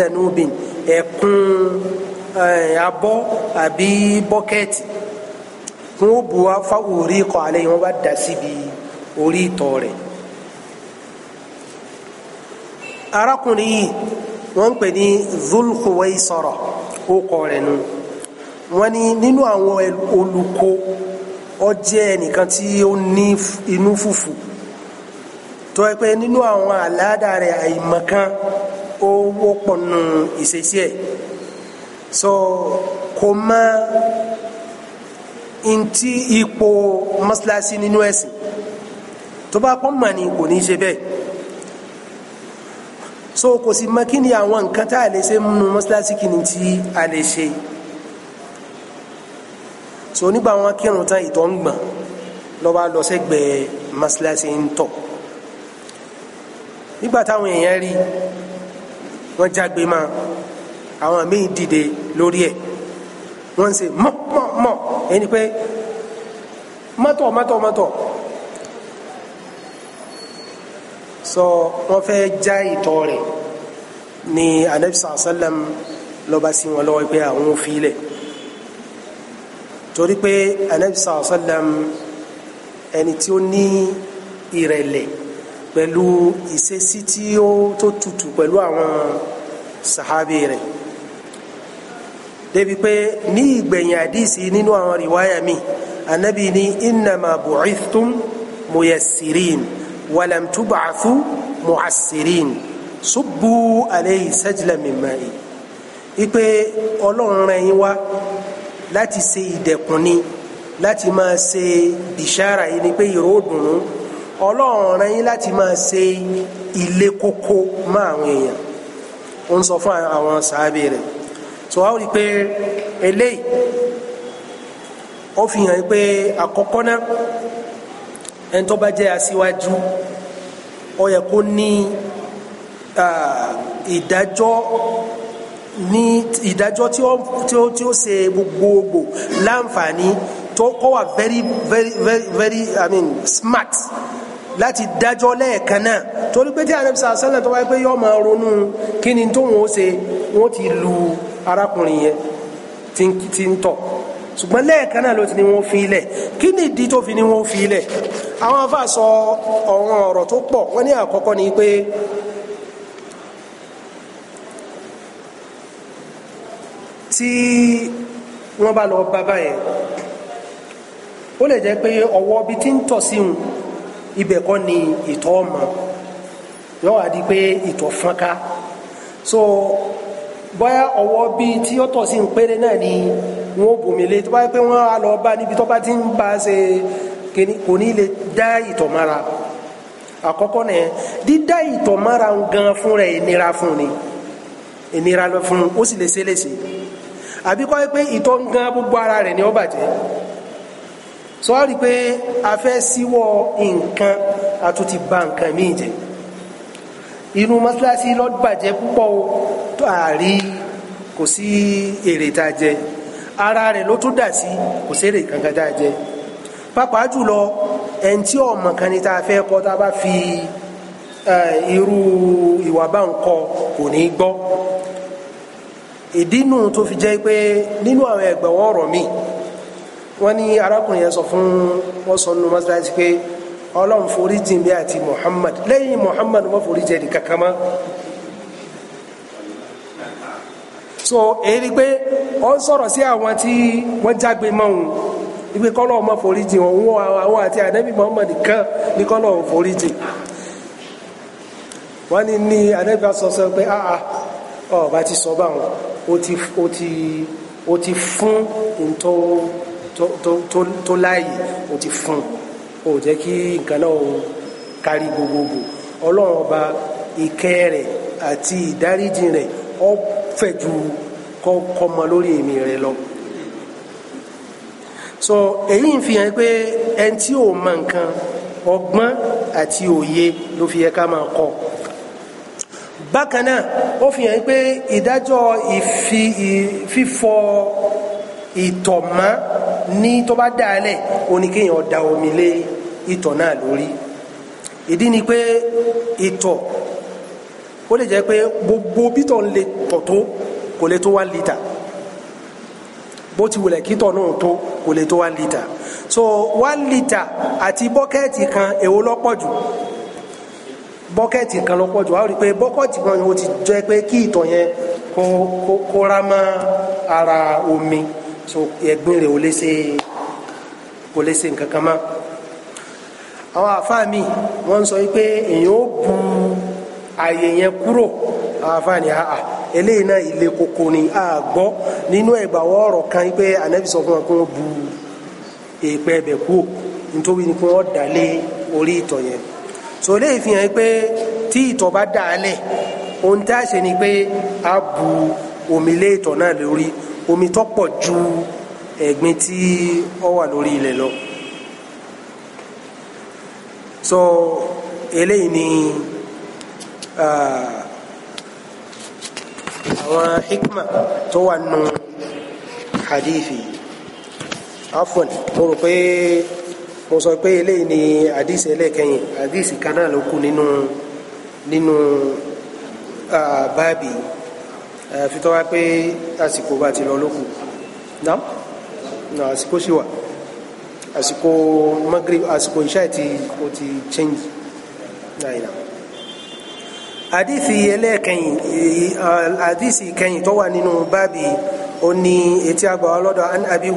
Eh, abọ́ àbí bọ́kẹ́ẹ̀tì wọn ó bu wá fáwọn orí ikọ̀ alẹ́ yìí wọ́n bá dà síbi orí ìtọ̀ rẹ̀ arákùnrin yìí wọ́n ń pè ní Dhul-Khuwaysara ó kọ rẹ̀ nù wọ́n ní nínú àwọn olùkọ́ ó jẹ́ tí ó ní inú fùfù tó yẹ pé nínú àwọn àládà rẹ̀ àìmọ̀kan ó wọ́pọ̀ nù ìṣesí ẹ̀ so kò mọ ntí ipò mọ́sálásí nínú ẹ̀sìn tó bá pọ́n mọ̀ ni kò ní í ṣe bẹ́ẹ̀ so kò sí mọ kí ni àwọn nǹkan tá a lè ṣe nínú mọ́sálásí kí ni tí a lè ṣe so nígbà wọn kírun tán ìtọ̀ ń gbọ̀n lọ́ba lọ sẹ́gbẹ̀ẹ́ mọ́sálásí ń tọ̀ nígbà táwọn èèyàn rí wọ́n jágbe máa àwọn míì dìde lórí ẹ̀ wọ́n ṣe mọ̀ mọ̀ mọ̀ ẹni pé mọ́tọ̀ mọ́tọ̀ mọ́tọ̀ sọ wọ́n fẹ́ já ìtọ̀ rẹ̀ ni anabi sàlám lọ́ba sí wọn lọ́wọ́ pé àwọn ò fi torí pé anabi sàlám ẹni tí ó ní ìrẹ̀lẹ̀ pẹ̀lú ìṣesí tí ó tó tutù pẹ̀lú àwọn sàhábì rẹ̀ débi pé ní ìgbẹ̀yìn àdìsí nínú àwọn rìwáyà mi anabi ni innama bu'ithtum muyassirin walam tub'athu mu'assirin subbu alayhi sajla min ma'i ipe ọlọ́run rẹ̀ yín wá láti ṣe ìdẹ̀kùn ni láti máa ṣe bìṣára yìí ni pé ìró dùnú ọlọ́run rẹ̀ yín láti máa ṣe ilé kókó máa àwọn èèyàn ń sọ fún àwọn sàábì rẹ̀ so a ó rí i pé eléyìí ó fi hàn pé àkọ́kọ́ náà ẹni tó bá jẹ́ aṣíwájú ó yẹ kó ní ìdájọ́ ní ìdájọ́ tí ó tí ó ṣe gbogbogbò láǹfààní tó kọ́ wà very very very very i mean smart láti dájọ́ lẹ́ẹ̀kan náà torí pé tí àrẹ́bísà sálẹ̀ tó wáyé pé yọ́ máa ronú kí ni tóun ó ṣe wọ́n ti lu arákùnrin yẹn ti ń tọ̀ ṣùgbọ́n lẹ́ẹ̀kan náà ló ti ní wọ́n fi ilẹ̀ kí ni ìdí tó fi ní wọ́n fi ilẹ̀ àwọn afa sọ ọ̀rọ̀ ọ̀rọ̀ tó pọ̀ wọ́n ní àkọ́kọ́ ni pé tí wọ́n bá lọ bá báyẹn ó lè jẹ́ pé ọwọ́ bíi tí ń tọ̀ sí un ibẹ̀ kọ́ ni ìtọ̀ ọmọ yóò wá di pé ìtọ̀ fọ́nká so bóyá ọwọ́ bíi tí ó tọ̀ sí ń péré náà ni wọ́n bomi lé tó bá yẹ pé wọ́n á lọ bá níbi tó bá ti ń bá ṣe kò ní lè dá ìtọ̀ àkọ́kọ́ nìyẹn dídá ìtọ̀ gan fún rẹ̀ ìnira fún ni ìnira lọ fún ó sì lè ṣe léṣe àbí kọ́ pé ìtọ̀ gan gbogbo ara rẹ̀ ni ó bàjẹ́ sọ́ọ́ rí pé a fẹ́ síwọ́ nǹkan a tún ti bà nǹkan míì jẹ́ inú mọ́sálásí ló bàjẹ́ púpọ̀ o tó àárí kò sí èrè tá a jẹ ara rẹ̀ ló tún dà sí kò sí èrè kankan tá a jẹ pàápàá jùlọ ẹni tí ọmọ kan ni tá a fẹ́ kọ́ tá a bá fi irú ìwà bá ń kọ kò ní gbọ́ ìdí nù tó fi jẹ́ pé nínú àwọn ẹgbẹ̀wọ̀n ọ̀rọ̀ mi wọ́n ní arákùnrin yẹn sọ fún wọ́n sọ nínú mọ́sálásí pé ọlọ́run forí jìn mí àti muhammad lẹ́yìn muhammad wọ́n forí jẹ́ nìkan kan so èyí pé ọ ń sọ̀rọ̀ sí àwọn tí wọ́n jágbe mọ́ òun ibi kọ́lọ́ ọmọ forí jìn òun àwọn àti anabi muhammad kan ní kọ́lọ́ ọmọ forí jìn wọ́n ní ní anabi sọ sọ pé ah ah ọba ti sọ báwọn ó ti ó ti ó ti fún ntọ́ tó láàyè ó ti fún un ó jẹ́ kí nǹkan náà kárí gbogbogbò ọlọ́run ọba ìkẹ́ rẹ̀ àti ìdáríjì rẹ̀ ó fẹ̀ ju kọ́mọ lórí èmi rẹ̀ lọ. so èyí ń fi hàn pé ẹni tí ò mọ nǹkan ọgbọ́n àti òye ló fi yẹ ká máa kọ́ bákan náà ó fi hàn pé ìdájọ́ ìfi ìfífọ́ ìtọ̀mọ́ ní tó bá dáalẹ̀ oníkéèyàn da omi lé ìtọ̀ náà lórí ìdí ni pé ìtọ̀ ó lè jẹ́ pé gbogbo bítọ̀ ń lè tọ̀ tó kò lè tó one litre bó ti wulẹ̀ kítọ̀ náà tó kò lè tó one litre so one litre àti bọ́kẹ́ẹ̀tì kan èwo lọ́pọ̀ jù bọ́kẹ́ẹ̀tì kan lọ́pọ̀ jù àwọn rí i pé bọ́kẹ́ẹ̀tì kan yẹn ó ti jẹ́ pé kí ìtọ̀ yẹn kó kó ara omi. so ẹ̀gbin o le see ṣe àwọn sọ pé èèyàn ó bu àyè yẹn kúrò àwọn eléyìí náà ilé koko ni a gbọ́ nínú ẹ̀gbà ọ̀rọ̀ kan pé anabi sọ fún wa kó bu èèpẹ̀ ẹ̀bẹ̀ kú nítorí ni kó wọ́n dà orí so eléyìí fi hàn pé tí ìtọ̀ bá dà á lẹ̀ ohun tá a ṣe a bu omi lé ìtọ̀ náà lórí omi tó pọ̀ ju ẹ̀gbin tí ó wà lórí ilẹ̀ lọ so eléyìí ni àwọn hikma tó wà nù hadithi afwan mo rò pé mo sọ pé eléyìí ni hadith ẹlẹ́kẹyìn hadith kan náà ló kù nínú nínú báàbí yìí fi tọ́wá pé àsìkò bá ti lọ lókù náà náà àsìkò sì wà àsìkò Maghrib àsìkò ìṣá ti o ti change náà àdìsí ẹlẹ́ẹ̀kẹyìn àdìsí kẹyìn tó wà nínú báàbí ó ní etí àgbà ọlọ́dọ̀ an Abi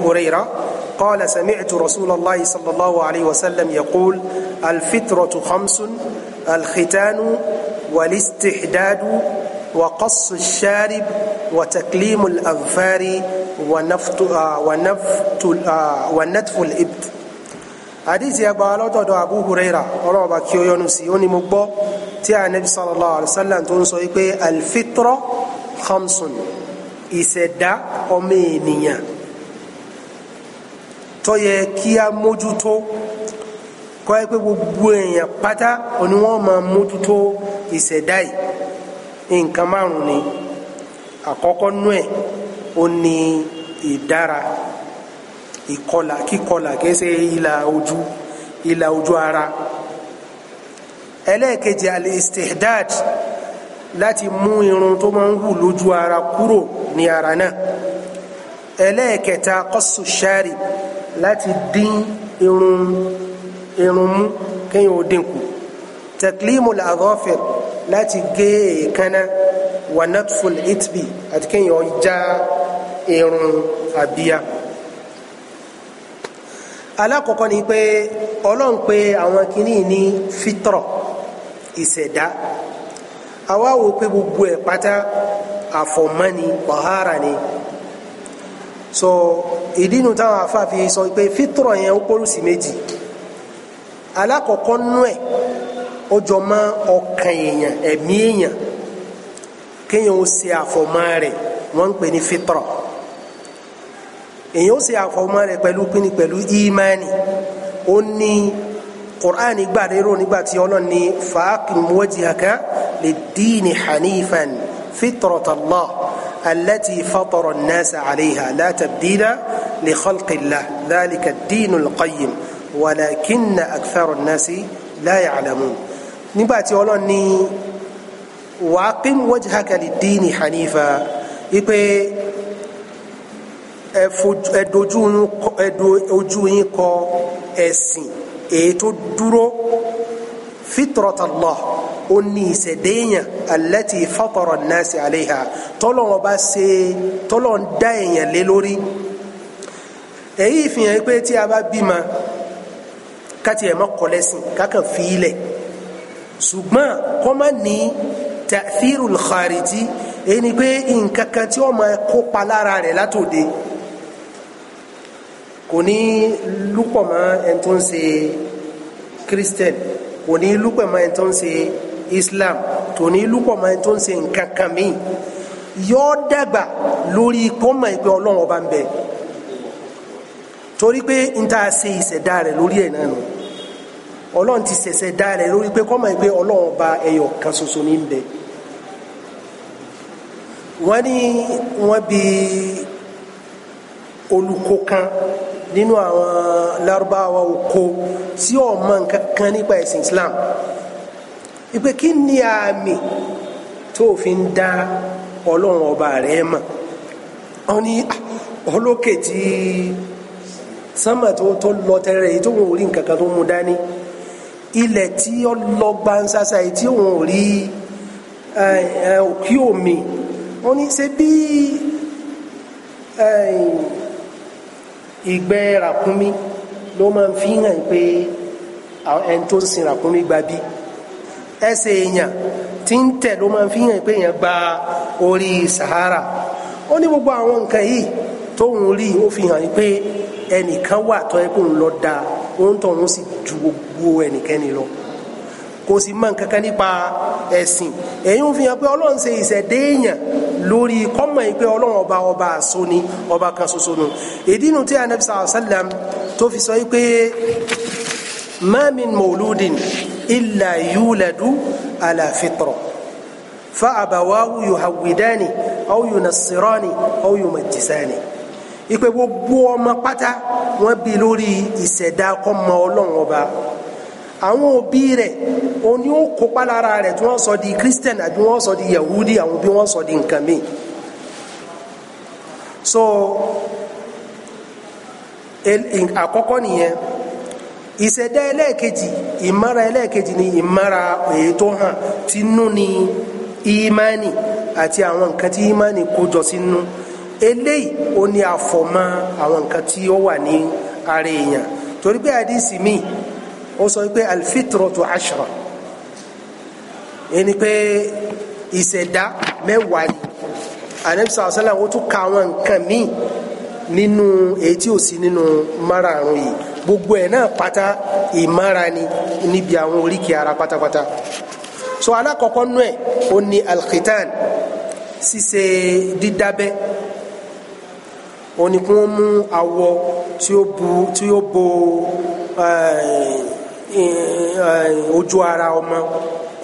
قال سمعت رسول الله صلى الله عليه وسلم يقول الفطرة خمس الختان والاستحداد وقص الشارب وتكليم الأظفار ونفت ونفت ونتف الإبت حديث يا بالوتو أبو هريرة الله باكيو يونسي وني مغبو tí a nẹ́bí sallallahu alaihi wasallam tó ń sọ wípé alfitrọ khamsun ìṣẹ̀dá ọmọ ènìyàn tó yẹ kí a mójútó kọ́ ẹ pé gbogbo èèyàn pátá òní wọ́n máa mójútó ìṣẹ̀dá yìí nǹkan márùn ni àkọ́kọ́ nú ẹ̀ ó ní ìdára ìkọlà kíkọlà kẹsẹ̀ ìlà ojú ìlà ojú ara ẹlẹ́ẹ̀kejì al-istihdad láti mú irun tó máa ń hù lójú ara kúrò ní ara náà ẹlẹ́ẹ̀kẹta qassu shari láti dín irun irun mú kéèyàn ó dínkù taklimul adhafir láti gé èékánná wà natful itbi àti kéèyàn já irun àbíyá alákọ̀ọ́kọ́ ni pé ọlọ́run pé àwọn kìíní ní fitrọ ìṣẹ̀dá àwa wò pé gbogbo ẹ̀ pátá àfọ̀mọ́ni ọ̀hárà ni so ìdínú táwọn afáfi sọ pé fitrọ yẹn ó pólùsì méjì alákọ̀ọ́kọ́ nú ẹ̀ ó jọ mọ́ ọkàn èèyàn ẹ̀mí èèyàn kéèyàn ó ṣe àfọ̀mọ́ rẹ̀ wọ́n ń pè ní fitra èèyàn ó ṣe àfọ̀mọ́ rẹ̀ pẹ̀lú pínni pẹ̀lú ìmánì ó ní qur'an gbà lérò nígbà tí ọlọ́run ní fàákìm wajhaka lid-dini hanifan fitratallah allati fatara an-nasa 'alayha la tabdila li khalqillah dhalika ad-dinul qayyim walakinna akthara an nígbàtí ọlọ́run ní wàákìm wajhaka lid-dini hanifa wípé ẹ̀dọ̀ ojú yín kọ ẹ̀sìn èyí tó dúró fitratallah ó ní ìṣẹ̀dẹ́yàn allati fatara an-nasi alayha tọ́lọ́run bá ṣe tọ́lọ́run dá èèyàn lé lórí èyí fi hàn pé tí a bá bímọ káti ẹ̀ mọ́ kọ́lẹ́sìn kákan fi ilẹ̀ ṣùgbọ́n kọ́ má ní ta'thirul khariji ẹni pé nǹkan kan tí wọ́n máa kópa lára rẹ̀ látòde kò ní lúpọ̀ mọ́ ẹni tó ń ṣe christian kò ní lúpọ̀ mọ́ ẹni tó ń ṣe islam kò ní lúpọ̀ mọ́ ẹni tó ń ṣe nǹkan kan míì yóò dàgbà lórí kọ́mọ̀ ìpè ọlọ́run ọba ń bẹ torí pé n ta ṣe ìṣẹ̀dá rẹ̀ lórí ẹ̀ náà nù ọlọ́run ti ṣẹ̀ṣẹ̀ dá rẹ̀ lórí pé kọ́mọ̀ pé ọlọ́run ba ẹyọ kan ṣoṣo ní bẹ wọ́n ní wọ́n bi olùkó kan nínú àwọn lárúbáwá oko tí ó nǹkan kan nípa ẹ̀sìn Islam ìpè kí ni àmì tó fi ń dá ọlọ́run ọba rẹ̀ mọ̀ wọ́n ní ah, olókè tí sánmà tó lọ tẹ́rẹ̀ yìí tó wọn ò nǹkan kan tó mú dání ilẹ̀ tí ó lọ gbansasa yìí tí òun ò rí eh, eh, òkú omi wọ́n ní ṣe bí eh, ìgbẹ́ ràkúnmí ló máa ń fi hàn pé ẹni tó ń sin ràkúnmí gba bí ẹsẹ̀ èèyàn tí ń tẹ̀ ló máa ń fi hàn pé èèyàn gba orí Sahara ó ní gbogbo àwọn nǹkan yìí tóun rí ó fi hàn pé ẹnìkan wà tó yẹ kó ń lọ dáa òun tọ̀ òun sì ju gbogbo ẹnikẹ́ni lọ kò sì mọ̀ kankan nípa ẹ̀sìn ẹ̀yin fi hàn pé ọlọ́run ṣe ìṣẹ̀déèyàn lórí kọ́mọ̀ yìí pé ọlọ́run ọba ọba àṣọ ni ọba kan ṣoṣo nù ìdí inú tí anabi sàlám tó fi sọ yìí pé ma min mawludin yuladu ala fitra fa abawahu yuhawidani aw yunassirani aw yumajjisani. ipe gbogbo ọma pátá wọn bi lórí ìṣẹ̀dá kọ́mọ ọlọ́run ọba àwọn òbí rẹ̀ oní ó kópa lára rẹ̀ tí wọ́n sọ di christian àbí wọ́n sọ di yahudi àwọn òbí wọ́n sọ di nǹkan mi so àkọ́kọ́ nìyẹn da ẹlẹ́ẹ̀kejì ìmára ẹlẹ́ẹ̀kejì ni ìmára èyí tó hàn tí nú ni ìmánì àti àwọn nǹkan tí ìmánì kó jọ sínú. eléyìí ó ní àfọ̀mọ́ àwọn nǹkan tí ó wà ní ara èèyàn torí pé àdìsí mi ó sọ pé alfitratu ashra ẹni pé ìṣẹ̀dá mẹ́wàá ni anabisa asala ó tún ka àwọn nǹkan míì nínú èyí tí nínú márààrún yìí gbogbo ẹ̀ náà pátá ìmára ni níbi àwọn oríkèé ara pátápátá so alákọ̀ọ́kọ́ nú ẹ̀ ó ní alkhitan ṣíṣe dídábẹ́ òun ni kí wọ́n mú awọ tí ó bu tí ó bo eh, eh, eh, ojú ara ọmọ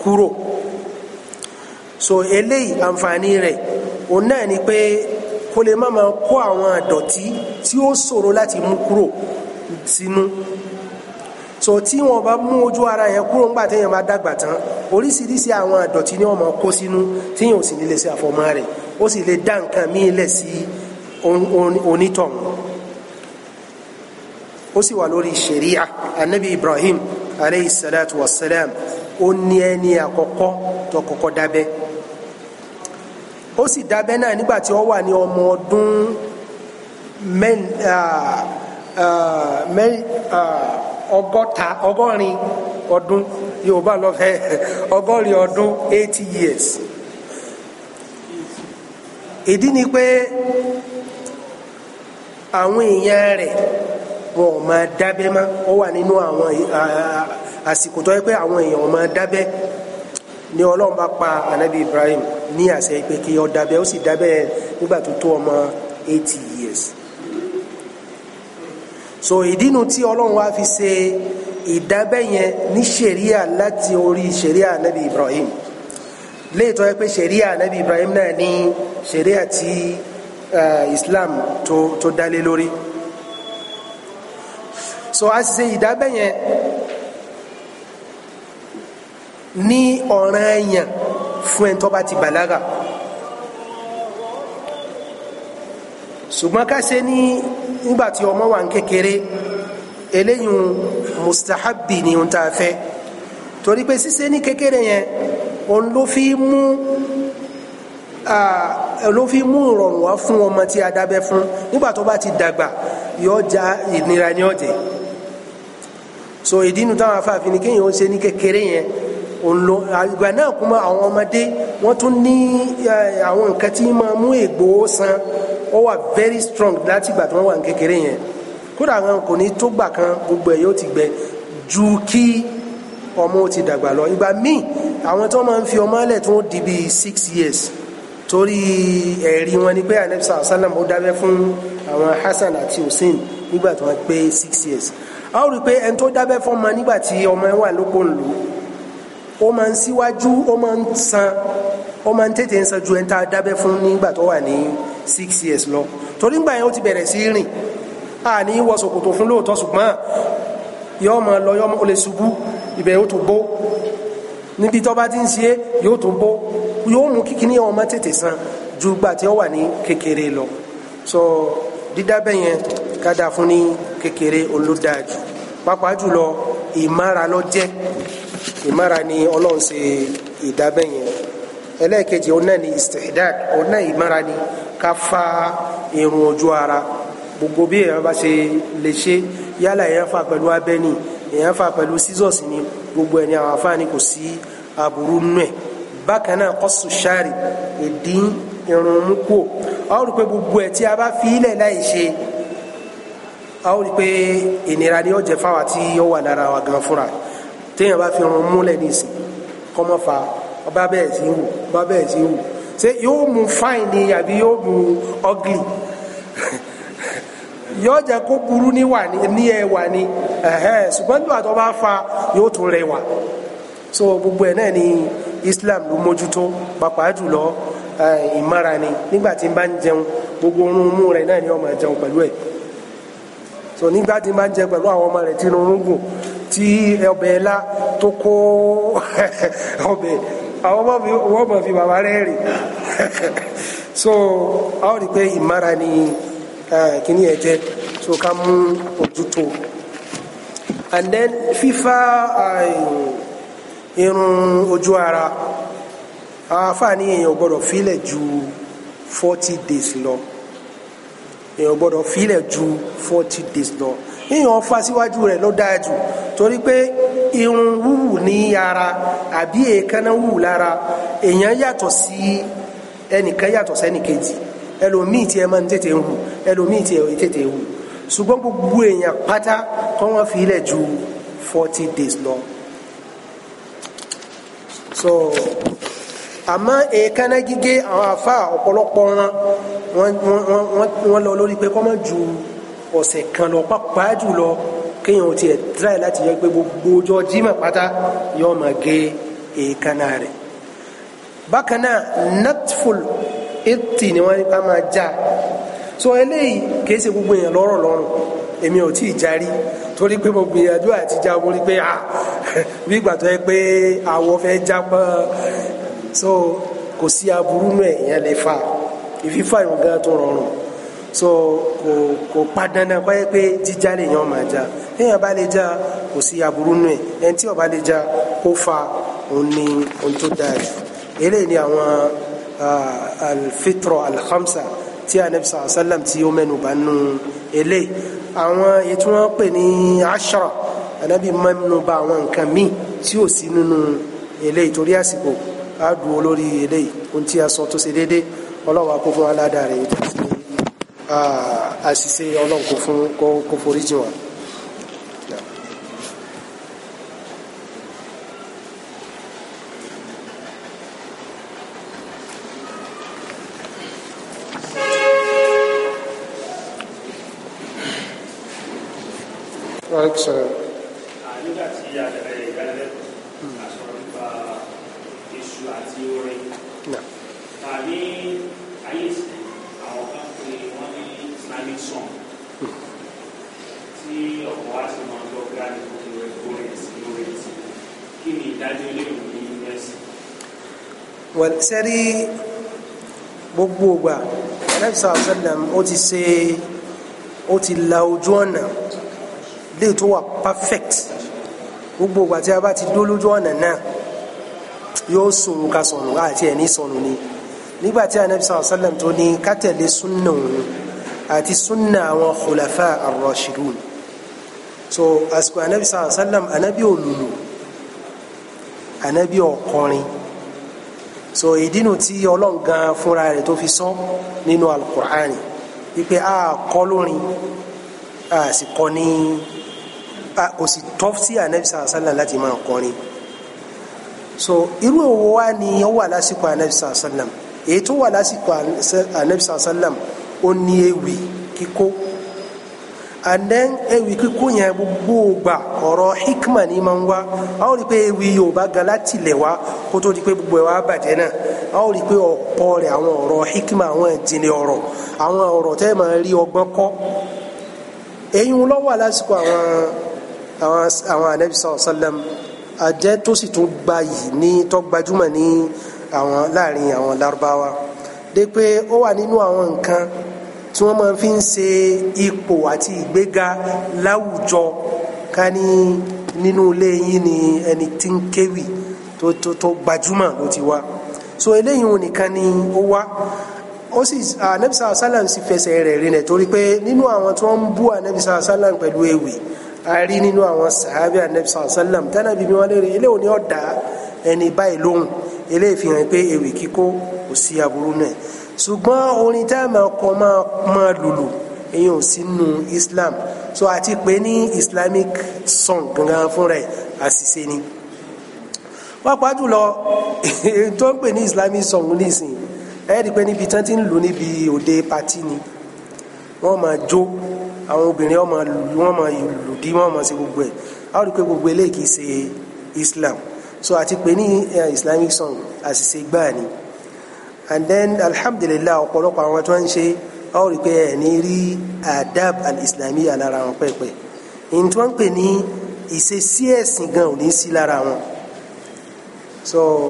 kúrò so eléyìí àǹfààní rẹ̀ òun náà ni pé kó lè má máa kó àwọn àdọ̀tí tí ó ṣòro láti mú kúrò sínú so tí wọn bá mú ojú ara yẹn kúrò ńgbà téèyàn bá dàgbà tán oríṣiríṣi àwọn àdọ̀tí ni wọn máa kó sínú téèyàn ò sì ní lè ṣe àfọmọ́ rẹ̀ ó sì lè dá nǹkan míì lẹ̀ sí i onítọ̀hún ó sì wà lórí ṣẹ̀ríà anabi ibrahim aleyhi salatu wa salam ó ní ẹni àkọ́kọ́ tó kọ́kọ́ dábẹ́ ó sì dábẹ́ náà nígbà tí ó wà ní ọmọ ọdún ọgọ́ta ọgọ́rin ọdún yorùbá lọ ọgọ́rin ọdún years ìdí ni pé. àwọn èèyàn rẹ̀ wọn ò máa dábẹ́ má ó wà nínú àwọn àsìkò tó yẹ pé àwọn èèyàn ò máa dábẹ́ ni ọlọ́run bá pa anabi Ibrahim ní àṣẹ pé kí ó dábẹ́ ó sì dábẹ́ nígbà tó tó ọmọ eighty years so ìdínú tí ọlọ́run wá fi ṣe ìdábẹ́ yẹn ní ṣẹ̀ríà láti orí ṣẹ̀ríà anabi Ibrahim léètọ́ yẹ pé ṣẹ̀ríà anabi Ibrahim náà ní ṣẹ̀ríà tí. Eh, Islam tó tó dálé lórí so a ṣe ìdábẹ́ yẹn ní ọ̀ràn ẹ̀yàn fún ẹni tó bá ti bàlágà ṣùgbọ́n ká ṣe ní nígbà tí ọmọ wà ń kékeré eléyìí mustahabi ni ohun tá a fẹ́ torí pé ṣíṣe ní kékeré yẹn òun ló fi mú ló fi mú ìrọ̀rùn wá fún ọmọ tí a dábẹ́ fún nígbà tó bá ti dàgbà yóò já ìnira ní ọ̀jẹ̀ so ìdínú táwọn afáàfin ni kéèyàn ó ṣe ní kékeré yẹn òǹlò àgbà náà kún mọ́ àwọn ọmọdé wọ́n tún ní àwọn nǹkan tí máa mú ègbò san ó wà very strong láti ìgbà tí wọ́n wà ní kékeré yẹn kódà àwọn kò ní tó gbà kan gbogbo ẹ̀ yóò ti gbẹ ju kí ọmọ ó ti dàgbà lọ ìgbà míì àwọn tó máa ń fi ọmọ ẹlẹ̀ tó di bíi six years torí ẹ̀rí wọn ni pé anabi sàlá sàlám ó dábẹ́ fún àwọn Hasan àti Hussein nígbà tí wọ́n pé six years a ó rí i pé ẹni tó dábẹ́ fún ọmọ nígbà tí ọmọ wà lóko ńlò ó máa ń síwájú ó máa ń san ó máa ń tètè ń san ju ẹni tá a dábẹ́ fún nígbà tó wà ní six years lọ torí ńgbà yẹn ó ti bẹ̀rẹ̀ sí rìn a ní wọ ṣòkòtò fún lóòótọ́ ṣùgbọ́n yóò máa lọ yóò máa ó lè ṣubú ibẹ̀ yóò tún bó níbi tó bá ti ń ṣe yóò tún bó yóò mú kíkiní ọmọ tètè san ju gbà tí ó wà ní kékeré lọ so dídábẹ́ yẹn ká dáa fún ní kékeré olódàájú pàápàá jùlọ ìmára ló jẹ́ ìmára ni ọlọ́run ṣe ìdábẹ́ yẹn ẹlẹ́ẹ̀kejì ọ̀nà ni istihdad ọ̀nà ìmára ni ká fa irun ojú ara gbogbo bí èèyàn bá ṣe lè ṣe yálà èèyàn fà pẹ̀lú abẹ́ èèyàn fà pẹ̀lú scissors ni gbogbo ẹni àwọn afáàní kò sí aburú nù ẹ̀ bákan náà kọ́sù ṣáàrì ìdín irun mú kú ọ rí pé gbogbo ẹ̀ tí a bá fi ilẹ̀ láì ṣe ọ rí pé ìnira ni ó jẹ fáwa tí ó wà lára wa gan fúnra téèyàn bá fi irun múlẹ̀ nísìn kọ́mọ́ fa ọba bẹ́ẹ̀ sí wù ọba bẹ́ẹ̀ sí wù ṣé yóò mú fáìn ni àbí yóò mú ọ́gìlì <laughs> yóò jẹ kó burú ní wà ní ẹwà ni ṣùgbọ́n nígbà tó bá fa yóò tún rẹwà so gbogbo ẹ̀ náà ni islam ló mójútó pàápàá jùlọ ìmára ni nígbà tí n bá ń jẹun gbogbo orun mú rẹ náà ni ó máa jẹun pẹ̀lú ẹ̀ so nígbà tí n bá ń jẹun pẹ̀lú àwọn ọmọ rẹ̀ tí irun gùn tí ọbẹ̀ ẹlá tó kó <laughs> ọbẹ̀ àwọn ọmọ fi bàbá rẹ̀ rìn <laughs> so a ó rí i pé ìmára ni kíní ẹ̀ jẹ́ so ká mú ojútó and then fífa. Uh, irun ojú ara àfààní èèyàn gbọdọ fílẹ̀ ju forty days lọ èèyàn gbọ́dọ̀ fílẹ̀ ju forty days lọ èèyàn fa ló dáa jù torí pé irun wúwù ní ara àbí èékánná wúwù lára èèyàn yàtọ̀ sí ẹnìkan yàtọ̀ sẹ́nìkejì ẹlòmíì tí ẹ máa ń tètè ń hù ẹlòmíì tí ẹ tètè gbogbo èèyàn pátá kọ́ wọ́n fi ju forty days lọ. so àmọ́ èékánná gígé àwọn àfa ọ̀pọ̀lọpọ̀ wọn wọn lọ lórí pé kó má ju ọ̀sẹ̀ kan lọ pàápàá jùlọ kéèyàn ò tiẹ̀ tíráì láti yẹ pé gbogbo ọjọ́ jímọ̀ pátá yóò máa gé èékánná rẹ̀ bákan náà natful eighty ni wọ́n nípa máa já so eléyìí kìí ṣe gbogbo èèyàn lọ́rọ̀ lọ́rùn èmi ò tí ì jarí torí pé mo gbìyànjú àti já mo rí pé ah <laughs> bí ìgbà tó yẹ pé àwọ̀ fẹ́ jápọ̀ so kò sí aburú náà èèyàn lè fà ìfífà ìrùn tó rọrùn so kò kò pa dandan kọ́ yẹ pé jíjá lè yàn máa já èèyàn bá lè já kò sí aburú náà ẹni tí ó bá lè já kó fa òun ni ohun tó dáa jù eléyìí ni àwọn alfitro alhamsa tí anabi sàlám tí ó mẹ́nu bá nù eléyìí àwọn ètò wọn pè ní ashra anabi mẹ́nu ba àwọn nǹkan míì tí ò sí nínú eléyìí torí àsìkò á dùn olórí eléyìí ohun tí a sọ tó ṣe déédé ọlọ́wà kó fún aládàá rẹ̀ tó ṣe àṣìṣe ọlọ́run kó fún kó foríjì wọn. Excellent. sẹ́rí gbogbo ògbà anabi sallallahu alayhi wa sallam ó ti ṣe ó ti la ojú ọ̀nà léè tó wà perfect gbogbo ògbà tí a bá ti dó lójú ọ̀nà náà yóò sòrò ka sọnù àti ẹni sọnù ni nígbà tí anabi sallallahu alayhi tó ní ká tẹ̀lé súnà òun àti súnà àwọn khulafa ar so àsìkò anabi sallallahu alayhi wa sallam anabi òlùlù anabi ọkọrin so ìdínú tí ọlọ́run gan fúnra rẹ̀ tó fi sọ nínú alukur'ani wípé a kọ́ lórin a sì kọ́ ní a kò sì tọ́ sí anabi sàlá láti máa kọrin so irú òwò wa ni ó wà lásìkò anabi sàlá èyí tó wà lásìkò anabi sàlá ó ní ewì kíkó and then ewì kíkú yẹn gbogbo gbà ọ̀rọ̀ hikma ni máa ń wá a ó rí i pé ewì yorùbá gan láti ilẹ̀ wá kó tó di pé gbogbo ẹ̀ wá bàjẹ́ náà a ó rí i pé ọ̀pọ̀ rẹ̀ àwọn ọ̀rọ̀ hikma àwọn ìjìnlẹ̀ ọ̀rọ̀ àwọn ọ̀rọ̀ tẹ́ máa rí ọgbọ́n kọ́ eyín lọ́wọ́ lásìkò àwọn àwọn àwọn anabi sallam àjẹ́ tó sì tún gbayì ní tó gbajúmọ̀ ní àwọn láàrin àwọn lárúbáwá dé pé ó wà nínú àwọn tí wọ́n máa fi ń ṣe ipò àti ìgbéga láwùjọ ká ní nínú ilé yín ni ẹni tí ń kéwì tó tó tó gbajúmọ̀ ló ti wá so eléyìí wọn nìkan ni ó wá ó sì anabisa asalam sì fẹsẹ̀ rẹ̀ rinlẹ̀ torí pé nínú àwọn tí wọ́n ń bú anabisa asalam pẹ̀lú ewì a rí nínú àwọn sàábì anabisa asalam tánàbí bí wọ́n lè rí eléyìí ni ọ̀dà ẹni báyìí lóhùn eléyìí fi hàn pé ewì kíkó kò sí aburú náà ṣùgbọ́n orin tá a máa kọ máa máa lùlù èyàn sínú Islam so àti pé ní Islamic song gangan fúnra ẹ̀ àṣìṣe ni pápá jùlọ tó ń pè ní Islamic song nísìnyí ẹ rí i pé níbi tán ti ń lù níbi òde pati ni wọ́n máa jó àwọn obìnrin wọ́n máa lù wọ́n máa lù dí wọ́n máa ṣe gbogbo ẹ̀ àwọn rí i pé gbogbo eléyìí kì í ṣe Islam so àti pé ní eh, Islamic song àṣìṣe gbáà ni and then alhamdulillah ọ̀pọ̀lọpọ̀ àwọn tó ń ṣe ọ rí pé ẹ̀ ní rí adab al-islami alára wọn pẹ̀pẹ̀ ní tí wọ́n ń pè ní ìṣesí ẹ̀sìn gan ò ní sí lára wọn. so